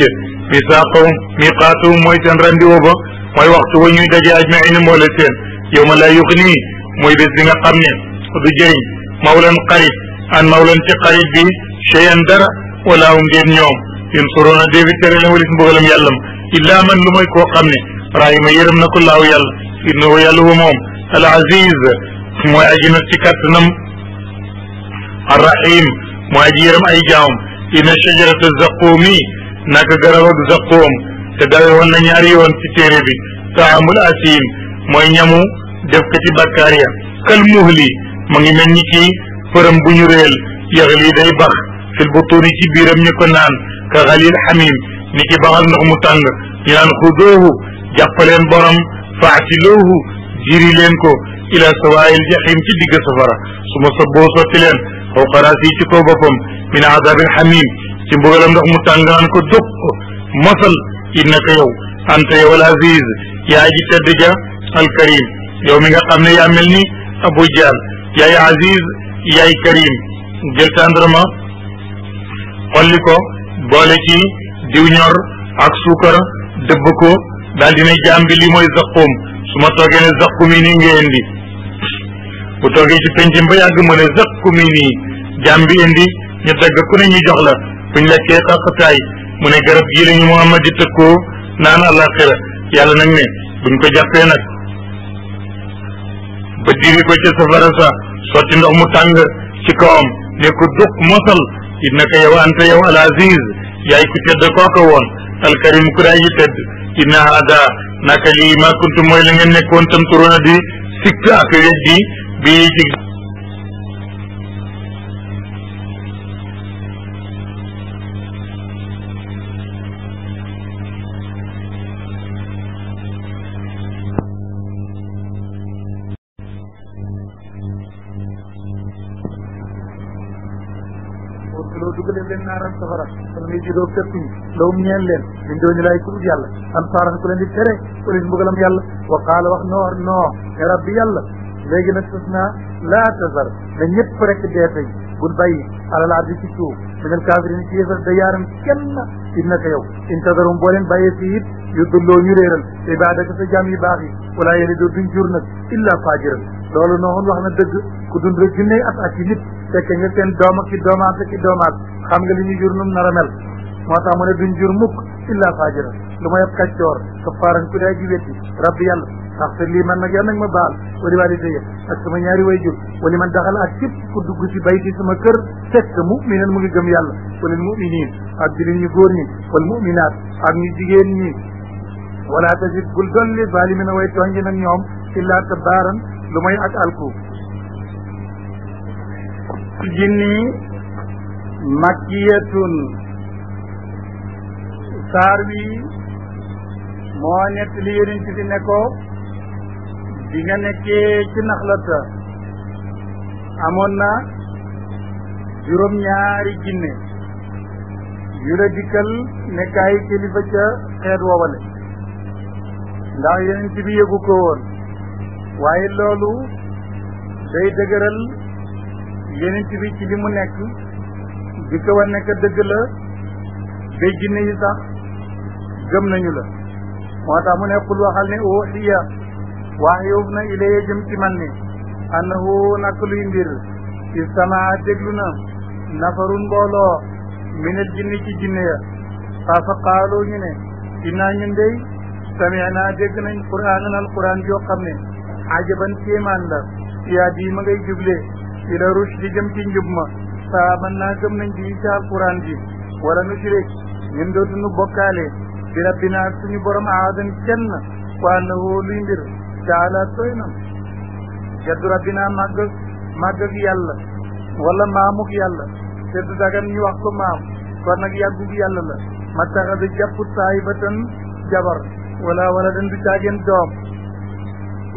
misaaqahum miqaatuhum mooy seen rendez-vous ba mooy waxtu wa ñuy daje ajmaina mboole seen yawma laa mooy bés bi nga xam ne du jëriñ mawlan xarit an mawlan ci xarit bi cheyan dara wala hum déet ñoom yansuruuna déefi tere leen walis mbugalam yàllam illaa man lu mooy koo xam rahima yërëm na ko laaw yàlla innahu yàlla wa moom al aziz mooy aji not ci kàttanam arrahim mooy aji ay jaamam inna shajarata zaqqumi naka garab ak zaqqoom te dawe woon na ñaari yoon téere bi taamul mooy ñamu def ko ci bakkaar ya kal muhli mu ngi mel ni ki përëm bu ñu réel yaxli day bax fil butuni naan ka xalil xamim ni ki baxal mu tàng ñu naan xudoohu jàppaleen borom faatiloohu jiri leen ko ila sawaayil jaxim ci digg safara su ma sa leen aw xaraasi ci kaw boppam min azabin xamim ci mbugalam ndax mu tàng naan ko dukk mosal innaka yow anta yow al aziz yaa ji tedd ja al karim nga xam ne yaa mel ni abu jaal yaay aziz yaay karim jël tàndarma xolli ko boole ci ak suukar dëbb ko daal dina jaam mooy zaqum su ma toogee ne zaqum bu toogee ci pencim ba yàgg mu ne zëq ku mi nii jaam bi indi ñu dagg ku ne ñu jox la buñ lekkee xaqataay mu ne garab gii la ñu Muhammad di tëkkoo naan àllaaxira yàlla nag ne buñ ko jàppee nag ba diri ko ca safara sa sotti ndox mu tàng ci kawam ne ko duk mosal innaka yow anta yow al aziz yaay ku tedd kooka woon alkarim ku daay ji tedd inna haada naka lii ma kuntu mooy la ngeen nekkoon tam turona di sikk ak weddi bii ci a jidoo perti lawum ñeen leen min dooñu laay ku dul yàlla an faaran ku leen di tere ku leen mbugalam yàlla wa qaala wax noo noo rabbi yàlla léegi nag sës naa laa tazar na ñëpp rek dee tey bul bàyyi alal ardi ci suuf min al kaafiriin ci yéefar da yaaram kenn innaka yow in tazarum boo leen bàyyee fii it yu dulloo ñu réeral ibaadaka sa jaam yu baax yi walaa yalidu duñ jur nag illaa faajiran loolu noonu wax na dëgg ku dun rek junne at ak yi nit fekke nga seen doom ak ki doomaat ak ki doomaat xam nga li ñu jur num nar a moo tax mu ne duñ jur mukk illa fajira lu may ab kàccoor kaffaaran ku daa ji wetti rabbi yàlla ndax te lii man nag yàlla nag ma baal wali waalidayya ak sama ñaari way jur wali man daxal ak képp ku dugg bay bayti sama kër fekk muminan mu ngi gëm yàlla walil muminin ak jullit ñu góor ñi wal muminaat ak ñu jigéen ñi wala tasid bul dolli zaalimina way tooñ ji nag ñoom illa tabaaran lu may ak alku jinni makkiyatun saar wi moo nett li yonent bi ne ko bi nga nekkee ci naxlata amoon na juróom ñaari jinne yu la dikkal nekk ay kilifa ca xeet woowale ndax yonent bi yëgu ko woon waaye loolu day dëgëral yonent bi ci li mu nekk di ko wan nekk dëgg la day jinne yi sax gëm nañu la moo tax mu ne qul waxal ne uxiya wax yóbbu na ilaya jëm ci man ni annahu nak luy mbir istamaa déglu na nafarun mbooloo minel jinni ci jinne ya faa fa qaaloo ñu ne innaa ñun dey sami'naa dégg nañ qur'aanan alqur'aan yoo xam ne ajaban kéemaan la yaa dii ma ngay juble ila rushdi jëm ci njub ma fa mën naa gëm nañ bi ci alqur'aan bi wala nu shirek ñun dootuñu bokkaale bi rabbina ak suñu borom aadan kenn waa na woo luy mbir tooy na jaddu rabbina màgg màgg ak yàlla wala maamuk yàlla te du dagan ñu wax ko maam kon nag yàlla la ma saa jàpp saahibatan jabar wala wala dan du caageen doom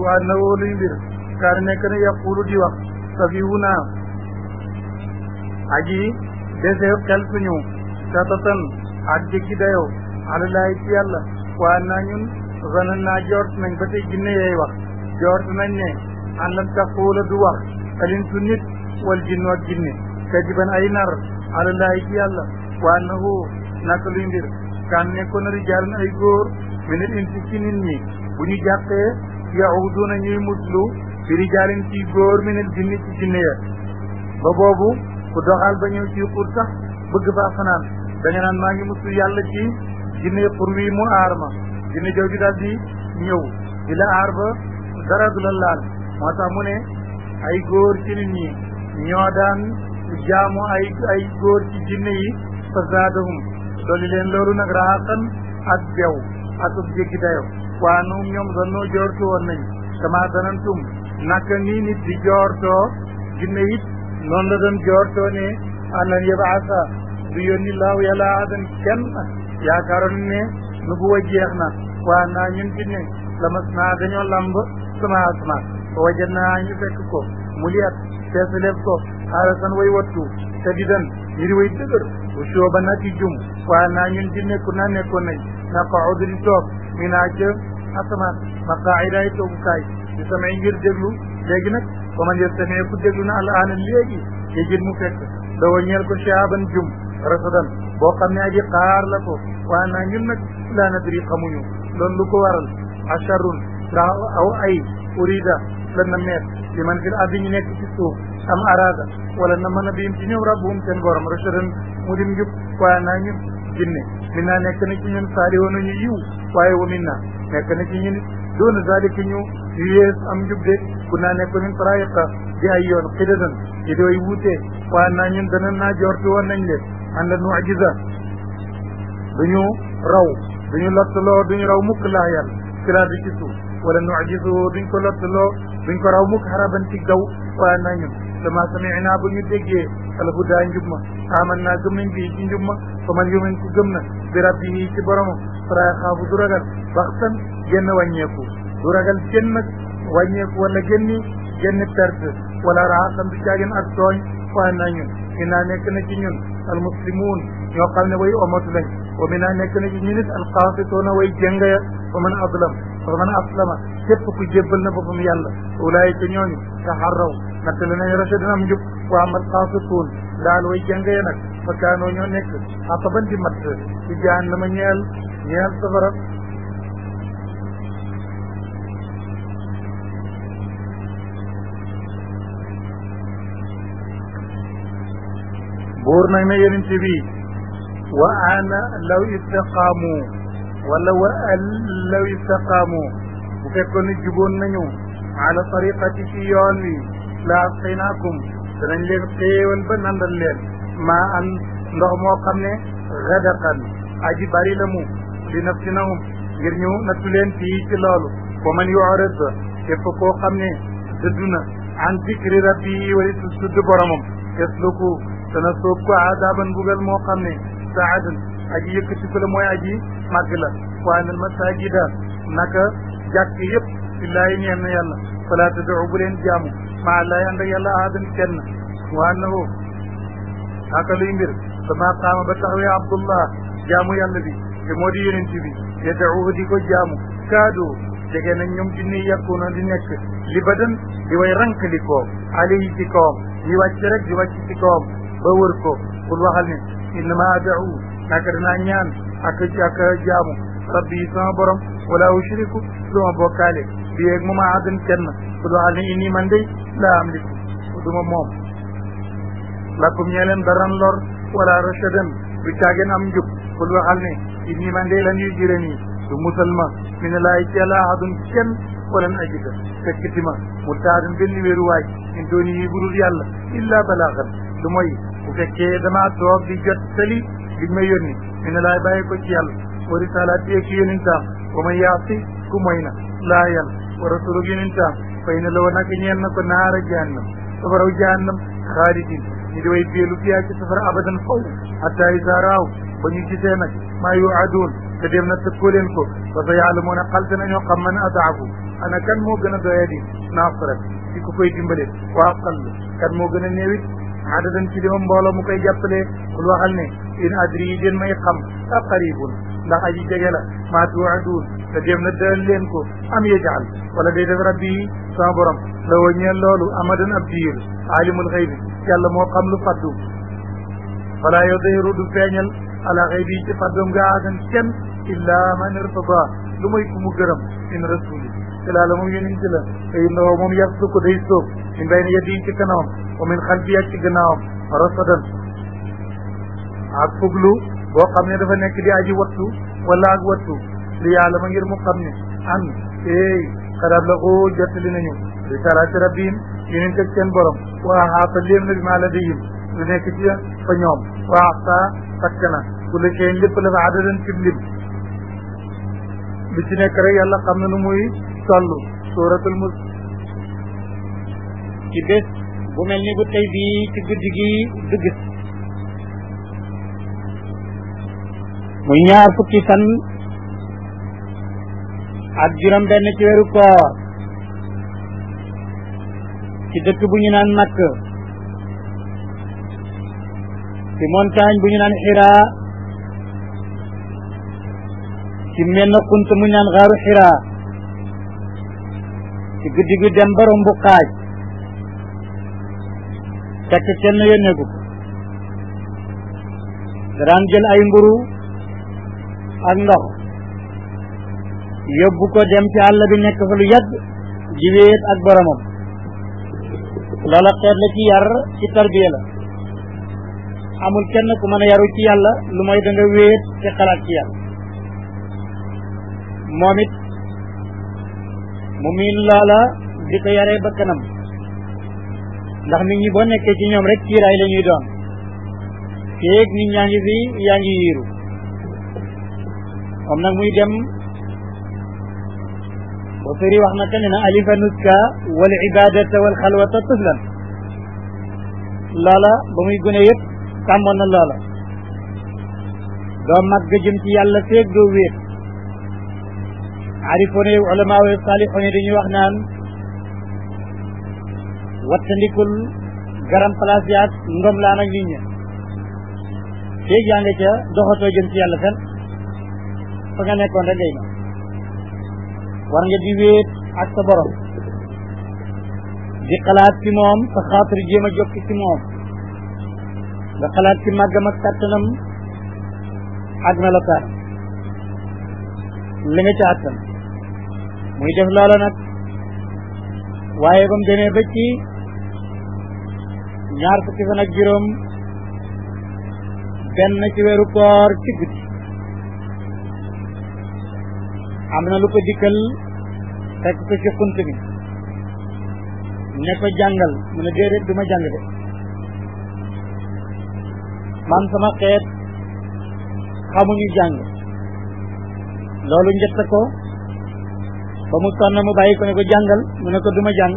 waa na woo luy mbir kaani nekk na yaqulu di wax safiwu naa aji desee xel suñu satatan ak jéggi dayoo alalaayi ci yàlla waa naa ñun zanan naa joort nañ ba tey jinne yey wax joort nañ ne an lan du wax alintu nit wal jinnu ak jinne kadiban ay nar alalaayi ci yàlla waa na hu naka luy mbir kan nekkoon na rijaalun ay góor min al insi ci nit bu ñu jàppee yahuduuna ñuy muslu bi rijaalin ci góor min al jinni ci jinne ya ba boobu ku doxal ba ñëw ci xur sax bëgg faa fanaan da nga naan maa ngi muslu yàlla ci jinne xur wi aar ma jinne jooju daal di ñëw di la aar ba dara du la moo tax mu ne ay góor ci nit ñi ñoo daan jaamu ay góor ci jinne yi fa dolli leen loolu nag raxaqan ak bew ak ub jéggi dayo waa nuum ñoom sannoo joortu woon nañ kama danantum naka nii nit joortoo jinne it noonu la doon joortoo ne alan yabaasa du yónni laaw yàlla adan kenn yaakaaroon ne nu wa jeex na waa naa ñun fi la mas naa dañoo lamb sama asmaan ba wajan naa ñu fekk ko mu liat ko aarasan way wattu te di dan ñu di way dëgër bu sooba nag i jum waa naa ñun fi ne ku naa nekkoon nañ naqaudu di toog mi naa ca asamaan maqaa'idaay toogukaay di samay ngir déglu léegi nag ba man yestamee ku déglu na al'aana léegi yejit mu fekk dawa ñeel ko shaaban jum rasulan boo xam ne aji xaar la ko waa naa ñun nag laa nadri xamuñu loolu lu ko waral acharun ndax aw ay urida la na meet li man fil ardi ñu nekk ci suuf am arada wala na mën a biim ci ñoom rabbuhum seen borom rashadan mu dim njub waa naa ñun jinne min naa nekk na ci ñun saalihoon ñu yiw waaye wa min nekk na ci ñun doona zalika ñu yees am njub de ku naa nekk ñun tarayiqa di ay yoon xidadan di dooy wuute waa naa ñun dana naa jortu woon nañ leen an la nu'jiza duñu raw duñu lottaloo duñu raw mukk laa yàlla ci di ci wala nu'jizu duñ ko lottaloo duñ ko raw mukk xaraban ci gaw waaye na ñun dama sami'naa bu ñu déggee al hudaa njub aman naa gëm nañ bii ci njub ma fa man yumin ku gëm na bi rabbihi ci boromam fara xaafu du ragal baxtan génn wàññeeku du ragal génn wàññeeku wala génni génn perte wala raxasam du caagin ak tooñ waaye naa ñun minna nekk na ci ñun ñoo xam way omatu lañ wa minna nekk na ci ñun it al qaasitoona way jënga ya fa man adlam fa man aslama képp ku jébbal na boppam yàlla ulaayika ñooñu taxarraw natt la nañ rachet dina am njub wa amal qaasituun daal way jënga ya nag fa kaanoo nekk xataban di matt ci jahannama ñeel ñeel safara buur nag ne yonent bi wa ana law istaqaamu wala wa al law istaqaamu bu fekkoon ne juboon nañu ala tariqati ci yoon wi la asqinaakum danañ leen xéewal ba nandal leen maa an ndox moo xam ne gadaqan aji bari la mu li nafsinahum ngir ñu nattu leen fii ci loolu wa man yu'rid képp koo xam ne dëddu na an dikri rabbi wali su sudd boromam yasluku sa soob ko adaban mbugal moo xam ne saadan aji yëkkati ko la mooy aji màgg la waaye nal masajida naka jàkk yëpp lillaahi ñeen na yàlla fala tad'u bu leen jaamu maa laahi ànd ak yàlla ahadan kenn waa na woo aka luy mbir dama abdullah jaamu yàlla bi te moo di yonent bi yad'uhu di ko jaamu kaado jege nañ ñoom jinne yàkkuuna di nekk li badan di way rank li ko alayhi ci kawam di wàcc rek di wàcc ci kawam ba wër ko kul waxal ne innama ad'u naka dinaa ñaan ak ak jaamu rabbi yi sama borom wala ushriku du ma bokkaale bi yeeg mu ma adan kenn kul waxal ne inni man day am liku du ma moom lakum ñee daran lor wala rashadan bu caageen am njub kul waxal ne inni man lan yuy jirani du musal ma mi ne laay yàlla ahadun kenn walan ajida fekkati ma mu taadun benn wéeruwaay min dooni yi budul yàlla illaa balaaxan lu mooy bu fekkee dama toog di jot tali di ma yónni mi ne laay bàyyi ko ci yàlla wa risalaat bi ci yaasi ku moy na laa yàlla wa rasuluk yonentaam fay na la wa naka ñeen na ko naara jahannam safaraw jahannam xaalidin ñi di way bielu fiyaa ci safara abadan faw hatta isa raaw ba ñu gisee nag maa yuaduun te dem na tëkkoo leen ko fa sa yaalamuuna xal dinañoo xam man adaafu ana kan moo gën a doya di naasra di ko koy dimbale waa xal kan moo gën a néewit adadan ci limam mbooloo mu koy jàppalee kul waxal ne in adri yi den may xam a qaribun ndax aji jege la maa tuwaadun te dem na dal leen ko am yejaal wala day def rabbi yi sama borom la wa ñeel loolu amadan ab diir aalimul xëy bi yàlla moo xam lu faddu fala yudhiru du ala xaybi ci fàddoom nga aadan kenn illa man irtada lu may ku mu gërëm min rasuli ci laa la moom yonente la te innahu moom yarsu ko day sóob min bayna yadihi ci kanamam wa min xalbi ak ci gannaawam rasadan ak fuglu boo xam ne dafa nekk di aji wattu wala ak wattu li yàlla ma ngir mu xam ne an ey xadaat la oo jottali nañu li saraati rabbihim yeneen teg seen borom wa axaata léem na bi ma ladayhim lu nekk ci fa waa sa takk na ku la seen lépp la fa adadan ci lim li ci nekk rek yàlla xam na nu muy toll suratul mus ci bu mel ni bu tey bii ci guddi gi dugg muy ñaar fukki fan ak juróom benn ci weeru koor ci dëkk naan Makka ci montagne bu ñu naan xiraa ci menn xunt mu ñu naan xaaru xiraa ci guddi gi dem ba romb xaaj fekk kenn yónnee ko daan jël ay mburu ak ndox yóbbu ko dem ci àll bi nekk fa lu yàgg jiwéet ak boromam loola xeet ci yar ci tarbiya la amul kenn ku mën a yaru ci yàlla lu may da nga wéet te xalaat ci yàlla moom it mu miin loola di ko yaree ba kanam ndax mi ñi boo nekkee ci ñoom rek kiiraay la ñuy doon féeg nit ñaa ngi fi yaa ngi yiiru moom nag muy dem ba sëri wax na ka ne na alifa nuska wal ibadata wal xalwata tuslan loola ba muy gune yëpp sàmmoon na loola doo mag jëm ci yàlla feeg doo wéet arifoone yu ulamaa yu saalixoone dañuy wax naan wattandikul garam place yaag ngom laa nag nit ña feeg yaa nga ca doxatoo jëm ci yàlla fen fa nga nekkoon rek ngay ma war nga di wéet ak sa borom di xalaat ci moom sa xaatir jéem a jokk ci moom nga xalaat ci mag ak kàttanam ak melokaan li nga ci àttan muy def loola nag waaye ba mu demee ba ci ñaar fukki fan ak juróom benn ci weeru koor ci guddi am na lu ko dikkal fekk ko ci xunt bi ne ko jàngal mu ne déedéet du ma jàng de man sama xeet xamuñu jàng loolu njëtt ko ba mu na mu bàyyi ko ne ko jàngal mu ne ko duma jàng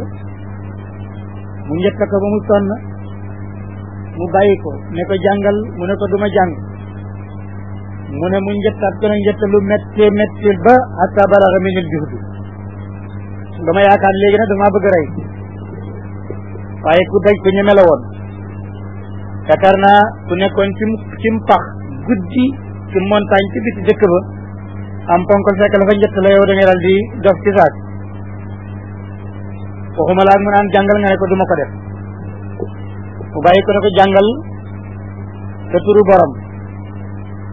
mu njëtt ko ba mu sonn mu bàyyi ko ne ko jàngal mu ne ko duma jàng mu ne mu njëttaat ko ne njëtt lu métti métti ba hatta balaga minil juhdi dama yaakaar léegi nag dama bëgg rey waaye ku daj ku ñeme la woon yaakaar naa ku nekkoon ci ci mpax guddi ci montagne ci biti dëkk ba am ponkol fekk la fa njëtt la yow da di dof ci saak waxuma mu naan jàngal nga ne ko duma ko def mu bàyyi ne ko jàngal sa turu borom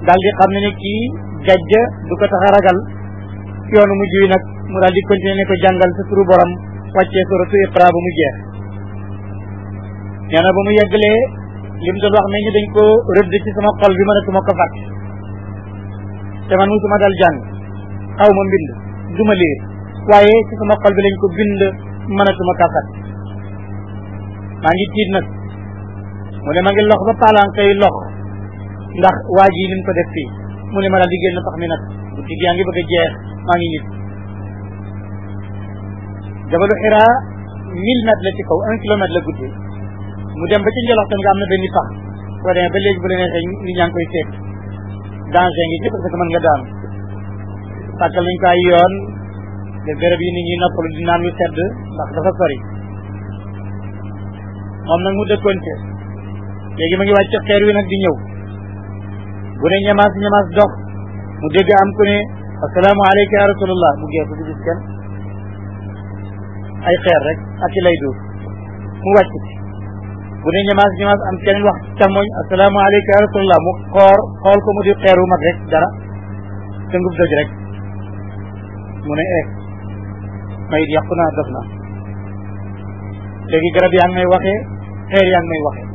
daal di xam ne ne kii gàjja du ko tax a ragal yoonu mujj wi nag mu daal di continuer ne ko jàngal sa turu borom wàccee suratu iqra ba mu jeex nee na ba mu yeggalee lim doon wax nañu dañ ko rëdd ci sama xol bi ma ne su ma ko fàtte te man musuma dal jàng xaw ma mbind du ma liir waaye ci sama xol bi lañ ko bind mënatuma kàttan maa ngi tiit nag mu ne ma ngi lox ba paalankay lox ndax waa ji liñ ko def fii mu ne ma daal di génn pax mi nag guddi gi yaa ngi bëgg jeex maa ngi nit jabalu xiraa mille mètres la ci kaw un kilomètre la guddi mu dem ba ci njoloxtan nga am na benn pax soo demee ba léegi bu la neexee nit ñaa ngi koy seet danger ngi ci parce que mën nga daanu sàkkal nañ ko ay yoon te béréb yi nit ñi noppalu di naan lu sedd ndax dafa sori moom nag mu dëkkoon ci léegi ma ngi wàcc xeer wi nag di ñëw bu ne ñamaas ñamaas dox mu dégg am ku ne assalaamu aleyka ya rasulullah mu geesu di gis kenn ay xeer rek ak i lay duur mu wàcc bu ne ñamaas ñamaas am keneen wax càmmoñ asalaamaaleykum ya rasulallah mu xoor xool ko mu di xeeru mat rek dara dëngub doj rek mu ne eeg eh, may it yàqu naa def naa léegi garab yaa ngi may waxee xeer yaa ngi may waxee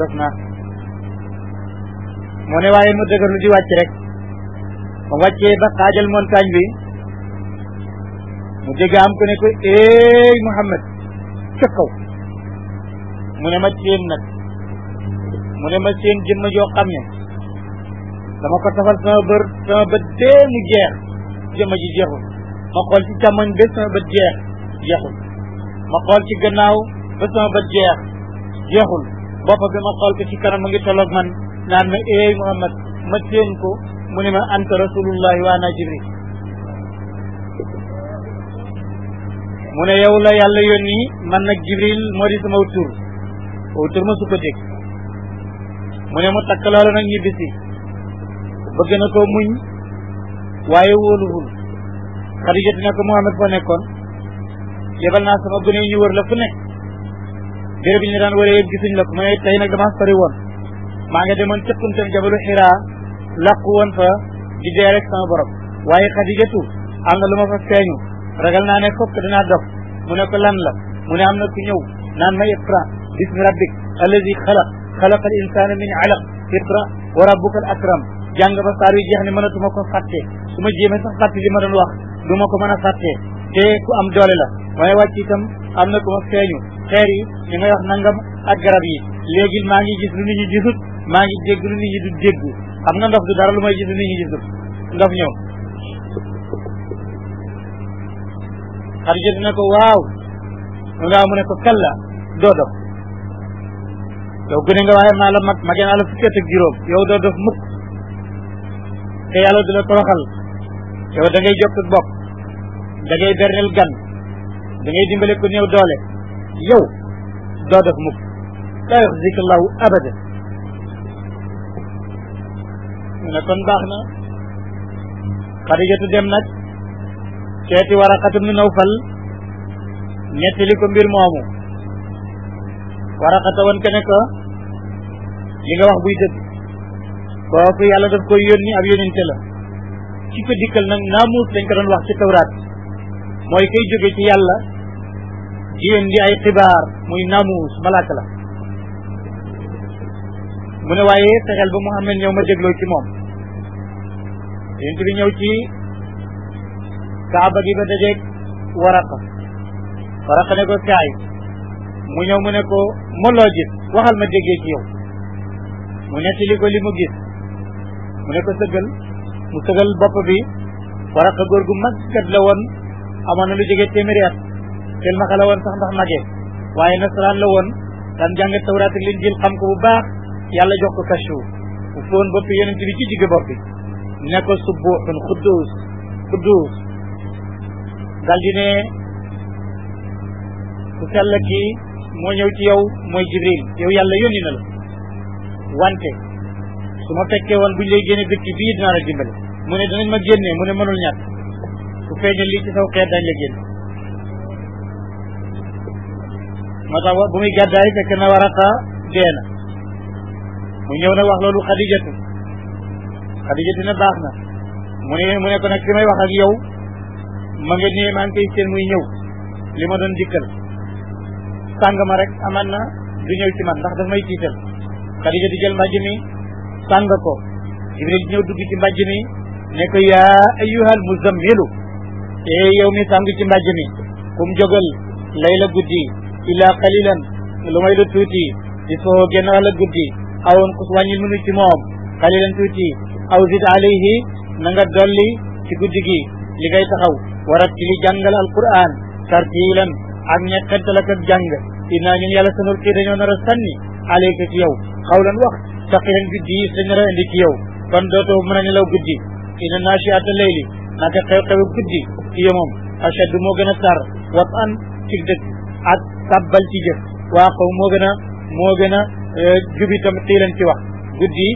def naa mu ne waaye mu dëgërlu di wàcc rek ba wàccee ba xaajal montagne bi mu dégg am ku ne ko éey eh, Muhammad ca kaw mu ne ma séen nag mu ne ma séen jëmm joo xam ne dama ko tafal sama bër sama bët bee mu jeex jëmm ji jeexul ma xool ci càmmoñ ba sama bët jeex jeexul ma xool ci gannaaw ba sama bët jeex jeexul bopp bi ma xool ko ci kanam mu ngi tolloog man naan ma eey Muhammad ma séen ko mu ne ma anta rasulullahi wa ana jibril mu ne yow la yàlla yónni man nag jibril moo di sama tur wow tur ma su ko dégg mu ne mu takk loolu nag ñibbi bëgg na ko muñ waaye wóoluwul xadijatu ne ko Muhammad fa nekkoon yebal naa sama gune ñu wër la fu nekk béréb yi ñu daan wëree yëpp gisuñ la ko mais tey nag dama sori woon maa nga demoon cëppantam jabalu xiraa làqu woon fa di dee rek sama borom waaye xadijatu am na lu ma fa feeñu ragal naa ne fokk dinaa dox mu ne ko lan la mu ne am na ku ñëw naan ma Iqra bismi rabbik allazi xalaq xalaqa al insana min alaq iqra wa rabbuka al akram jàng ba saar yu jeex ne mënatuma ko fàtte su ma jéemee sax fàtte li ma doon wax du ma ko mën a fàtte te ku am doole la waaye wàcc itam am na ku ma feeñu xeer yi ñu wax nangam ak garab yi léegi maa ngi gis lu nit ñi gisut maa ngi dégg lu nit ñi du nga ndox dara lu may gis lu nit ñi gisut ndox ñëw Xadijatu ne ko waaw mu ne ko kalla doo yow gëne nga waaye maa la mag magee naa la fukki at juróom yow doo def mukk te yàlla du la toroxal yow da ngay jokk bokk berneel gan da dimbale ku néew doole yow doo def mukk laa yuxzika llahu abada ne kon baax na xadijatu dem nag seeti waraqatu min Nawfal ñettali ko mbir moomu waraxata woon ke ne li nga wax buy dëgg kooku yàlla daf koy yónni ab yónnente la ci ko dikkal nag naamuus lañ ko doon wax ci tawraat mooy kay jóge ci yàlla di indi ay xibaar muy naamuus malaaka la mu ne waaye fexeel ba Muhammad ñëw ma dégloo ci moom yonent bi ñëw ci kaaba gi ba dajeeg waraqa waraqa ne ko kaay mu ñëw mu ne ko mënuloo gis waxal ma déggee ci yow mu nettali ko li mu gis mu ne ko sëggal mu sëggal bopp bi waraqa góor gu màggat la woon amoon na lu jógee téeméeri at tel maxa la woon sax ndax magee waaye nasaraan la woon daan jàng tawraat ak linjil xam ko bu baax yàlla jox ko kashfu mu foon bopp yonent bi ci digg bopp bi ne ko subuuxun xudduus xudduus dal di ku sell kii moo ñëw ci yow mooy jibril yow yàlla yónni na la wante su ma fekkee woon buñ lay génne dëkk bii dinaa la dimbale mu ne danañ ma génnee mu ne mënul ñàkk su feeñee lii ci saw xeet dañ la génn moo tax bu muy gàddaay fekk na warata dee na mu ñëw na wax loolu xadijatu xadijatu ne baax na mu ne mu ne ko nag ki may wax ak yow ma nga nii maa seen muy ñëw li ma doon dikkal sàng ma rek amaan na du ñëw ci man ndax daf may tiital Xadija di jël mbàjj mi sàng ko Jibril di ñëw dugg mi ne ko yaa ayyuhal muzammilu e yow mi sàng ci mbàjj mi kum jógal layla guddi illa qalilan lu may lu tuuti di soo génn wala guddi awoon ku wàññil munu ci moom tuuti aw zid alayhi na dolli ci guddi gi li ngay taxaw warat ci li jàngal alquran tartilan ak ñeqantal ak jàng innaa ñun yàlla sanul kii dañoo nar a sànni alayka ci yow xawlan wax taqiran guddi yi dañ nar a indi ci yow kon dootoo mën a nelaw guddi inna naasiata layli naka xew-xewi guddi ci yomam ashaddu moo gën a tar wat an ci dëkk ak sabbal ci jëf waa xaw moo gën a moo gën a euh, jub itam tiilan ci wax guddi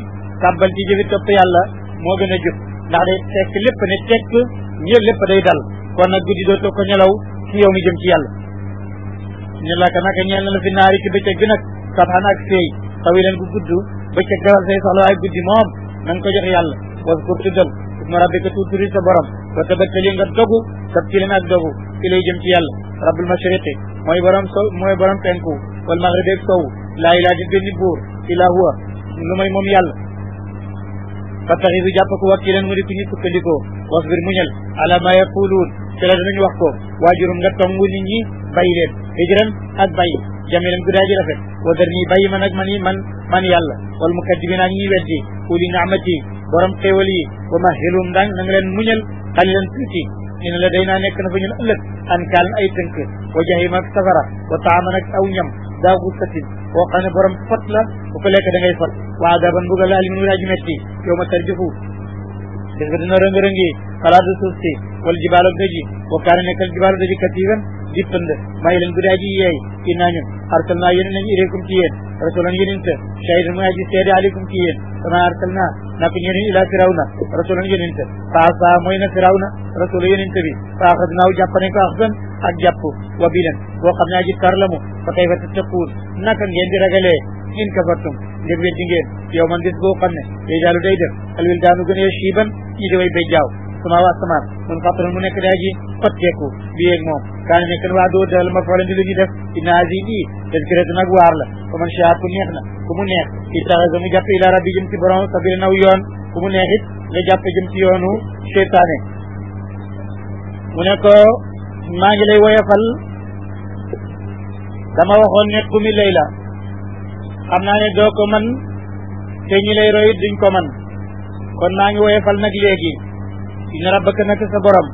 sabbal ci jëfi topp yàlla moo gën a jub ndax day tekk lépp ne tekk ñëpp lépp day dal kon nag guddi dootoo ko nelaw ci yow mi jëm ci yàlla ñu laka naka ñeel na la fi naari ci bëccëg bi nag sabxan ak seey xawi leen ku gudd bëccëg garal say soxla waaye guddi moom na nga ko jox yàlla waskur tuddal isma rabbika tuuturi sa borom wa tabattali nga dogu sab ci leen ak dogu ilay jëm ci yàlla rabbul mashriqi mooy borom sow mooy borom penku wal maghribi ak sow laa i di benn buur ilaa huwa lu may moom yàlla fattaxidu jàpp ko wakkilan mu di ku ñu sukkandikoo wasbir muñal ala ma yaquluun ci la danañ wax ko waajurum nga tongu nit ñi bàyyi leen hijran ak bàyyi jamilan guddaa ji rafet wa dar nii bàyyi man ak man man man yàlla wal mukaddibina ak ñiy weddi uli ni'mati borom xéewal yi wa mahilum ndang na nga leen muñal xalilan tuuti ñu ne la day naa nekk na fa ñun ëllëg an kaan ay tënk wa jahim ak safara wa taaman ak aw ñam daa gustatin boo xam ne borom fot la bu ko lekk da ngay fot waa adaban bugg a laal mi nu raaj metti yow ma tarjufu gis nga dina rëng-rëng yi xalaatu suuf si wal jibaalo doji wa kaane nekkal jibaalo maa yi leen guddi aji yeey i naa ñun arsal naa yéen nañ ilaykum ci yéen rasulan yonente shahidan muy aji sa aleykum ci na kama arsal ila firawna rasulan yonente fa asa mooy na firawna rasula yonente bi fa axad naaw jàpp ak jàpp wa bilan boo xam ne aji tar la mu fa kayfa tattaquun naka ngeen di ragalee in kafartum ndem weddi ngeen yow man gis boo xam ne day daalu day def alwil a shiiban ñi di way samaawaat samaat mun xattara mu nekk day ji xotteeku bi yéeg moom kaane nekk na waa doo dal ma foolen di lu ñu def inna hasi bii tazkiratu nag waar la ko man shaat ku neex na ku mu neex ittaxasa mu jàpp ila rabbi jëm ci borom sabila naw yoon ku mu neex nga jàpp jëm ci yoonu seytaane mu ne ko maa ngi lay woyafal dama waxoon ne ku mi lay la xam naa ne doo ko man te ñi lay royit duñ ko man kon maa ngi woyafal nag léegi inna rabbaka nag sa borom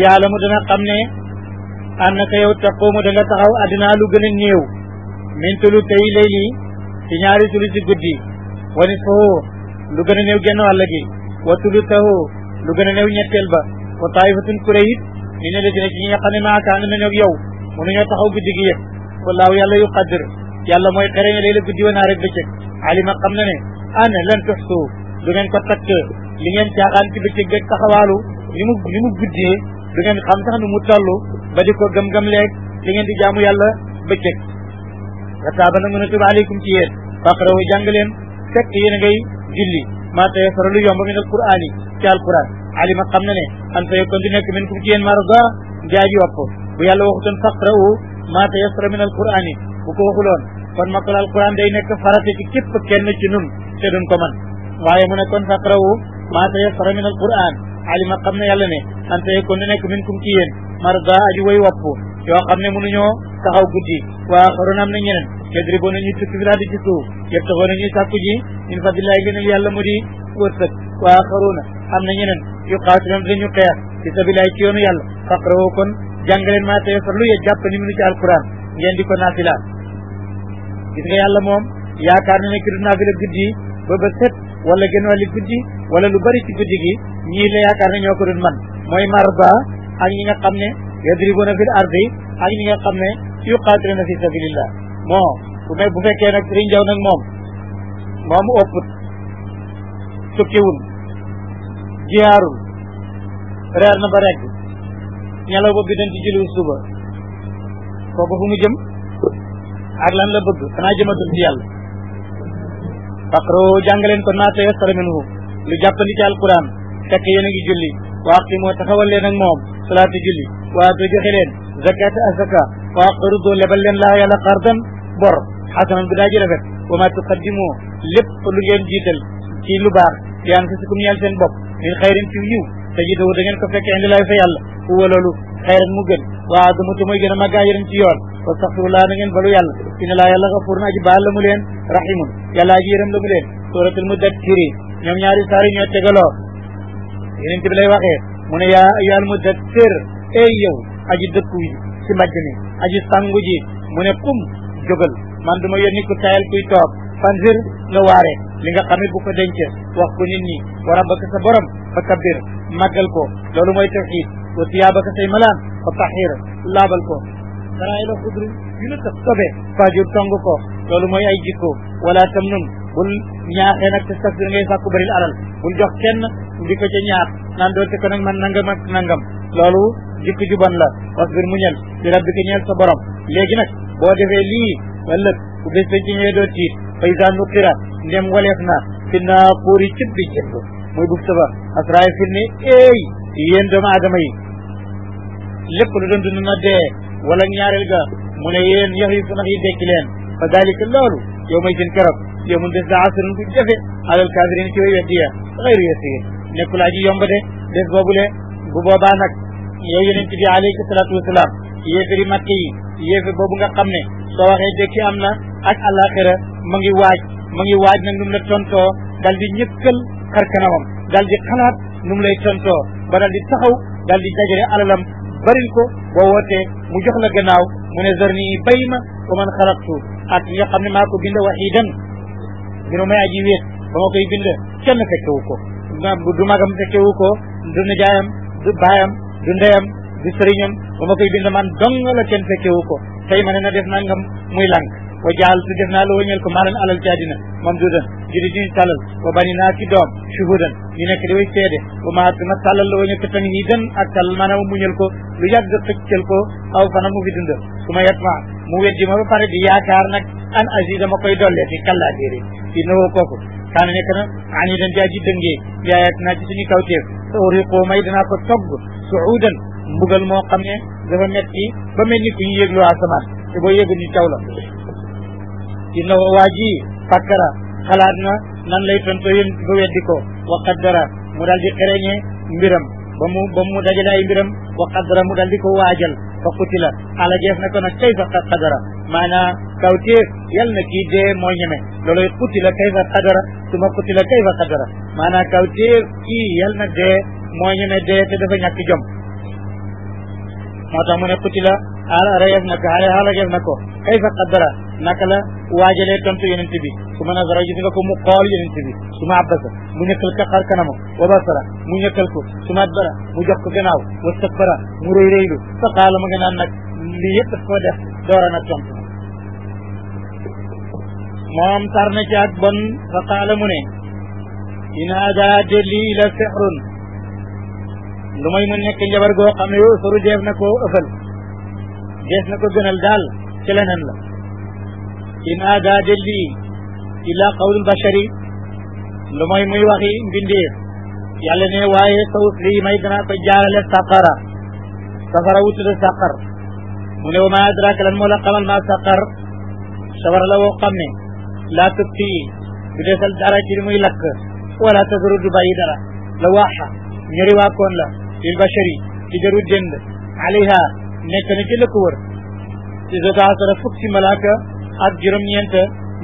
yaalamu dana xam ne annaka yow taqumu da nga taxaw addinaa lu gën a néew min tulu tey layli ci ñaari tulu guddi wa nisfahu lu gën a néew genn wa tulu tahu lu gën a néew ba wa taifatun kuré it ni ne la dina ci ñi nga xam ne maaka ànd nañu ak yow mënuñoo taxaw guddi gi yëpp wallaahu yàlla yu qaddir yàlla mooy xere ne léeg guddi wa naa rek bëccëg alima xam na ne ana lan tuxsu du ngeen ko li ngeen caaxaan ci bëccëg beeg taxawaalu ni mu ni mu xam sax ni mu toll ba di ko gëm-gëm leeg li di jaamu yàlla bëccëg wa taaba nangu na tuba aleykum ci yéen faqrawu jàng leen fekk yéen a ngay julli maa tayassara lu yomb min alquraan yi ci alquran alima xam na ne an sayakun di nekk min kum ci yéen marada jaaji wopp bu yàlla waxutoon faqrawu maa tayassara min alquran yi bu ko waxuloon kon mokkal alquran day nekk farata ci képp kenn ci nun te maa tayassara min alquran alima xam ne yàlla ne an tey kon nekk min kum ci yéen marda aju way wopp yoo xam ne mënuñoo taxaw guddi waa xaroon am na ñeneen yadriboon nañuy tukki bi daal di ci suuf yëpp taxoon nañuy sàkku ji min fadlillahi gënal yàlla mu di wërsëg waa xaroona am na ñeneen yu xaasilam dañu xeex ci sabilaay ci yoonu yàlla faqrawoo kon jàngaleen maa tayassara lu ye jàpp ni minu ci alquran ngeen di ko naafila gis nga yàlla moom yaakaar na ne ki du naafila wala gën wàlli guddi wala lu bari ci guddi gi ñii la yaakaar ne ñoo ko doon man mooy marba ak ñi nga xam ne yadribuna fil ardi ak ñi nga xam ne yuqatiluna fi sabilillah bon bu may bu fekkee nag sëriñ jaw nag moom moom ëpput tukkiwul jiyaarul reer na ba rekk ñelaw ba bi dañ ci julliwul suba kooku fu jëm ak lan la bëgg xanaa jëmatul ci yàlla faqroo jàngaleen ko naata yassara minhu lu jàppandi ci alquran fekk yéen a ngi julli waa ti moo taxawal leen ak moom salaatu julli waa to joxe leen zakata azaka waa qarudo lebal leen laa yàlla qardan bor xasanan bu daa ji rafet wa ma tuqaddimu lépp lu ngeen jiital ci lu baax di anfusikum ñeel seen bopp min xayrin ci yiw te jiitawu da ngeen ko fekkee indi laay fa yàlla huwa loolu xayran mu gën waa dama te mooy gën a màggaa yërëm ci yoon wastaxfirullaa na ngeen balu yàlla inna laa yàlla xafurun aji baal la mu leen rahimun yàlla aji yërëm la mu leen suratul mudakkiri ñoom ñaari saar yi ñoo tegaloo yeneen bi lay waxee mu ne yaa ayyuhal mudakkir ey yow aji dëkku ci mbàjj mi aji sangu ji mu ne kum jógal man du ma yónni ku tayal kuy toog fanzir nga waare li nga xam it bu ko denc wax ko nit ñi wa rabbaka sa borom fa kabbir màggal ko loolu mooy tawxiid wa siyaabaka say malaan fa taxir laabal ko daraay la xudru yu nu tax sobe fajur tong ko loolu mooy ay jikko wala tam nun bul ñaaxee nag tastakbir ngay sàkku bëril alal bul jox kenn di ko ca ñaax naan doote ko nag man nangam ak nangam loolu jikko ju bon la wasbir muñal di rabbika ñeel sa borom léegi nag boo defee lii ëllëg bu bés bañ ci ñëwee doo tiit fa ndem waleef na fi naaquuri cib bi cib muy buf saba asraay fil ne éey doomu aadama yi lépp lu doon dund na dee wala ñaareel ga mu ne yéen yax yu funax yi dekki leen fa dalika loolu yow may seen keroog yow mun des daa asrun bu jafe alal kaafirin ci way weddiya xayru yasiir nekkul aji yomb de des boobule bu boobaa nag yow yonent bi alayhi salaatu wasalaam yéefari Makka yi yéefe boobu nga xam ne soo waxee dëkki am na ak àllaaxira ma ngi waaj ma ngi waaj nag nu mu la tontoo dal di ñëkkal xar kanamam dal di xalaat nu mu lay tontoo ba dal di taxaw dal di dajale alalam baril ko boo wootee mu jox la gannaaw mu ne zorni bayma wa man xalaqtu ak li xam ne maa ko bind waxidan dina may aji wéet ba ma koy bind kenn fekkewu ko du magam fekkewu ko du nijaayam du baayam du ndeyam du sëriñam ba ma koy bind man dong la kenn fekkewu ko tey ma ne na def nangam muy lànk wa jaaltu def naa la wëñeel ko maalan alal jaadina mamdudan ji di diñ talal wa bani naa ci doom shuhudan ñu nekk di way seede wa maa nag tàllal la wëñeel ko tanhiidan ak talal maanaam muñal ko lu yàgg xëccal ko aw fanam mu fi dunda su ma yatma mu weddi ma ba pare di yaakaar nag an azida ma koy dollee fi kallaa déedéet di nawoo kooku kaana nekk na ani dan jaa ji dëngee yaayaat naa ci suñu kawteef te uriqoo may danaa ko togg suudan mbugal moo xam ne dafa metti ba mel ni ku ñu yëglu asamaan te boo yëgul ñu taw la dina waa ji fakkara xalaat na nan lay tontoo yéen ba weddi ko wa qaddara mu daal di xereñe mbiram ba mu ba mu dajale ay mbiram wa qaddara mu daal di ko waajal fa qutila ala jeef na ko nag kayfa qadara maanaam kawtéef yal na kii dee moo ñeme looloy qutila kayfa qadara suma qutila kayfa qadara maanaam kawtéef kii yal na dee moo ñeme dee te dafa ñàkk jom moo tax mu ne qutila rees na ko xale xalagees na ko kay fa qaddara naka la waajalee tontu yonent bi su ma nasara gis nga ko mu xool yonent bi su ma abbasa mu ñëkkal ko xar kanamam wa basara mu ñëkkal ko su ma adbara mu jox ko gannaaw wa stakbara mu rëy rëylu fa qaala ma nga naan nag lii yëpp daf ko def doora nag tontu moom tar na ci ak bon fa qaala mu ne in hada lii la sixrun lu may mu nekk njabar goo xam ne yow saru jeef na koo ëffal dees na ko gënal daal ci leneen la in aadaade lii ilaa qawlul bashari lu mooy muy waxi mbindeef yàlla ne waaye sa lii may danaa ko jaarale saqara safara wu tudd saqar mu ne wa maa adraaka lan moo la xamal maa saqar safara la woo xam ne laa tubti du desal dara ci li muy lakk wala tadaru du bàyyi dara la waaxa ñëri waakoon la lil bashari di jaru dënd alayha nekk na ci la ko wër ci zota asara fukki malaaka ak juróom-ñeent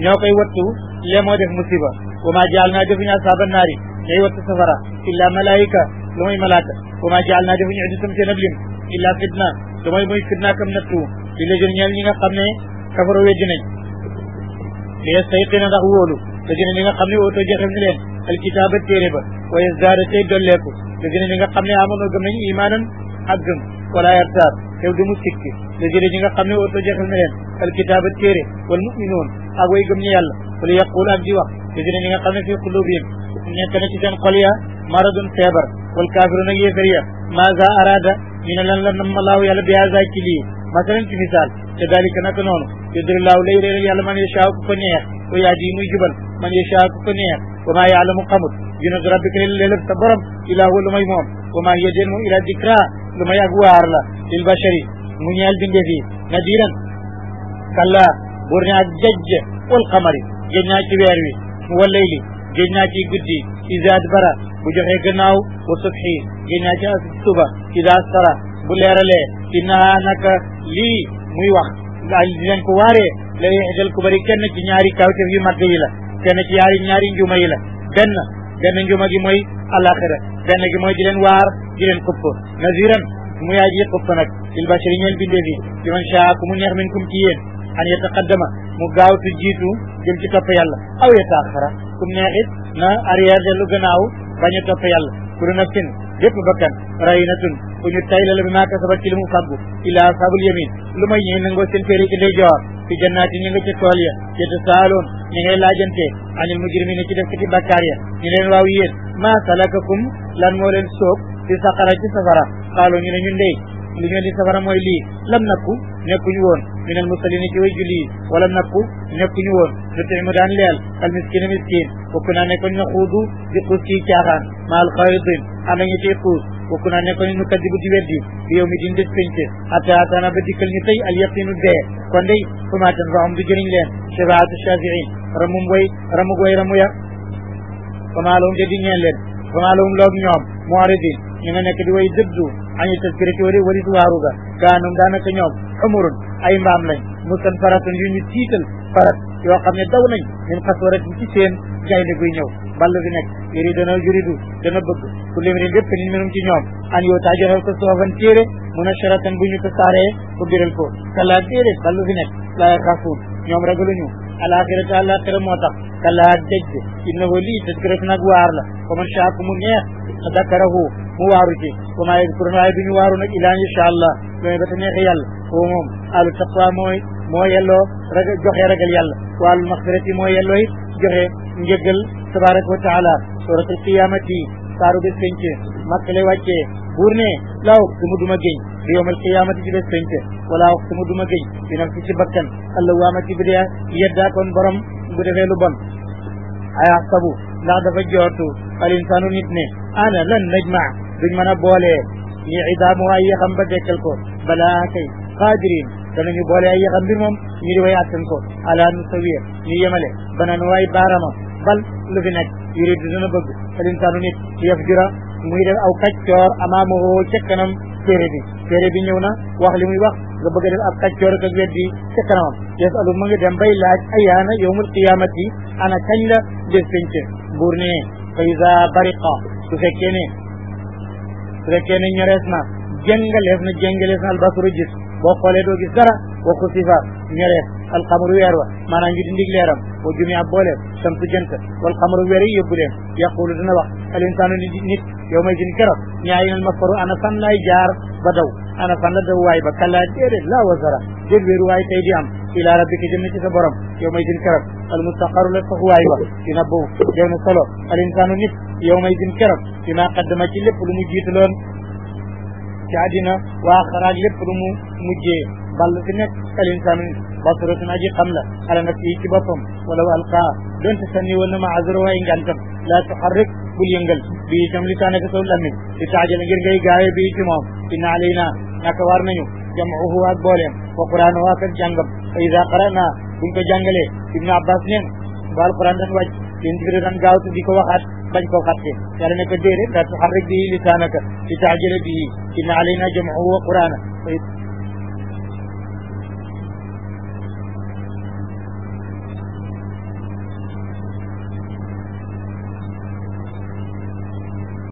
ñoo koy wattu lee moo def musiba wa maa jaal naa defuñu asaaba naari ñooy wattu safara illa malaayika lu malaaka wa maa jaal naa defuñu iddatam seen ab lim illa fitna lu mooy muy fitna kam nattu li la jël ñeel ñi nga xam ne kafaro weddi nañ li yastayqina ndax wóolu la jël ñi nga xam ne oto joxe ni leen alkitaaba téere ba wa yazdaada tey dolleeku la jël ñi nga xam ne amoon gëm nañu imaanan ak gëm wala yartaar tew du mu sikki lajële ñi nga xam ne oto jeexal na leen alkitaaba téere wal muminoon ak way gëm ñu yàlla wala yaquul ak di wax lajële ñi nga xam ne fii qulubihim nekk na ci seen xol ya maradun feebar wal kaafiruun ak yéefar ya maza arada ñu ne lan la nam alaahu yàlla bi haza ci lii masalan ci misaal te dalika naka noonu yudri laahu lay réeral yàlla man yashaa ku ko neex wa yahdi muy jubal man yashaa ku ko neex wa maa yaalamu xamut junud rabbika lélëf sa borom ilaa huwa lu may moom wa maa yadeen moom ilaa dikraa lu ma yàgg waar la lil bashari mu ñeel bindee fii nadiran kalla wër naa jajj wal xamari géej naa ci weer wi mu wallayli géej naa ci guddi isaad bara bu joxee gannaaw wa subhi géej naa ci suba ida sara bu leeralee innaa naka lii muy wax daal di leen ko waaree la yeexdal ku bari kenn ci ñaari kawtef yu màgg yi la kenn ci ñaari ñaari njuma yi la benn benn njuma gi mooy alaxira benn gi mooy di leen waar di leen këpp naziran mu yaay ji nag lil bashari ñeel bindee bi man shaa ku mu neex min kum ci yéen an yataqaddama mu gaawtu jiitu jëm ci topp yàlla aw yataaxara kum neexit na arrière dellu gannaaw bañ a topp yàlla kuru nafsin bépp bakkan rayinatun ku ñu tay la la bi maa kasabat ci li mu fàggu ilaa ashaabul yamin lu may ñëw nangoo seen téere ci ndeyjoor fi jannaati ñu nga ca tool ya yatasaaloon ñu ngay laajante anil mujrimina ci def ci bakkaar ya ñu leen waaw yéen maa salakakum lan moo leen di saqara ci safara xaalo ñu ne ñun ndey li ñu di safara mooy lii lam nakku nekkuñu woon min al musallina ci way julli yi wala nakku nekkuñu woon nutimu daan leel al miskina miskin wakku naa nekkoon na xuudu di xuus ci caaxaan ma al xaayidin ànd ñu ci xuus wakku naa nekkoon ñu kaddibu di weddi bi yow mi din des pénc hatta ataana ba dikkal ñu tey al yaqinu dee kon day fama tan fa am du jëriñ leen shafaatu shafiin ramum way ramug way ramu ya fama lahum ja di ñeen leen fama lahum loog ñoom muaridin ñu nga nekk di way dëddu añu taskirati wari waritu waaruga gaanum daanaka ñoom xumurun ay mbaam lañ mustan faratun yu ñu tiital farat yoo xam ne daw nañ min xaswaratin ci seen gaynde guy ñëw ball bi nekk yuri dana juridu dana bëgg ku limrin lépp nit minum ci ñoom an yow taa joxew ko soofan téere mun a charatan bu ñu ko saaree ko biral ko kala téere ballu fi nekk laa xafuun ñoom ragaluñu alaxirata alaxira moo tax kala dejj innahu lii tadkiratu nag waar la ko man caa zakarahu mu waaru ci wa maa yadkuruun waaye waaru nag ilaa incha allah looy ba te yàlla foofu alu taqwa mooy moo yelloo raga joxe ragal yàlla wa alu maxfirati moo yelloo it joxe njëggal tabaraka wa taala suratul qiyamati saaru bés penc makka lay wàccee buur ne laa duma géñ bi yawmal qiyamati ci bés penc wala uqsimu duma géñ bi nafsi ci bakkan allawaamati bi dee yeddaa kon borom bu defee lu bon ay ahsabu ndax dafa joortu al insaanu nit ne ana lan najma duñ mën a boolee ñi idaamu ay yaxam ba dekkal ko balaa kay qaadirin danañu boole ay yaxam mbir moom ñu di way attan ko ala nu sawiya ñu yemale banaan waay baarama bal lu fi nekk yuridu dana bëgg fal insaanu nit yafjura muy def aw kaccoor amaamahoo ca kanam téere bi téere bi ñëw na wax li muy wax nga bëgg a def ab kaccoor ak weddi ca kanamam yasalu ma nga dem bay laaj ayaana yawmul qiyamati ana kañ la des penc buur ne fa iza bariqa su fekkee ne su fekkee ne ñorees na jëngaleef na jëngaleef na albasaru gis boo xoolee doo gis dara wa xusifa ñoreef alxamaru weer wa maanaam ñu dindig leeram wa jumia boole samsu jënt wal xamaru weer yi yóbbu leen yaqulu dana wax al insaanu nit yow may jin kero ñaayi masfaru ana fan lay jaar ba daw ana fan la daw waay ba kalla déedéet laa wasara déet wéeru waay di am ila rabbika jëm ci sa borom yow may jin kero al mustaqaru la sax waay wa dina bow dee na solo al insaanu nit yow may jin kero dina qaddama ci lépp lu mu jiitaloon ci àddina waa xaraaj lépp lu mu mujjee bal fi nekk al insaanu basiratun aji xam la ala nafsihi ci boppam walaw alqaa donte sànni woon na ma azrahu ay ngantam laa tuxarrik bul yëngal bi itam lisaanaka saw lammiñ li taajala ngir ngay gaawe bi ci moom inna alayna naka war nañu jam'uhu ak booleem wa qur'aanahu ak jàngam fa idaa qara'naa buñ ko jàngalee ibnu abbas neen ba alquran dañ wàcc yéen bi daan gaawtu di ko waxaat bañ koo fàtte yàlla ne ko déedéet daa tuxarrik bii lisaanaka li taajala bii inna alayna jam'ahu wa qur'aana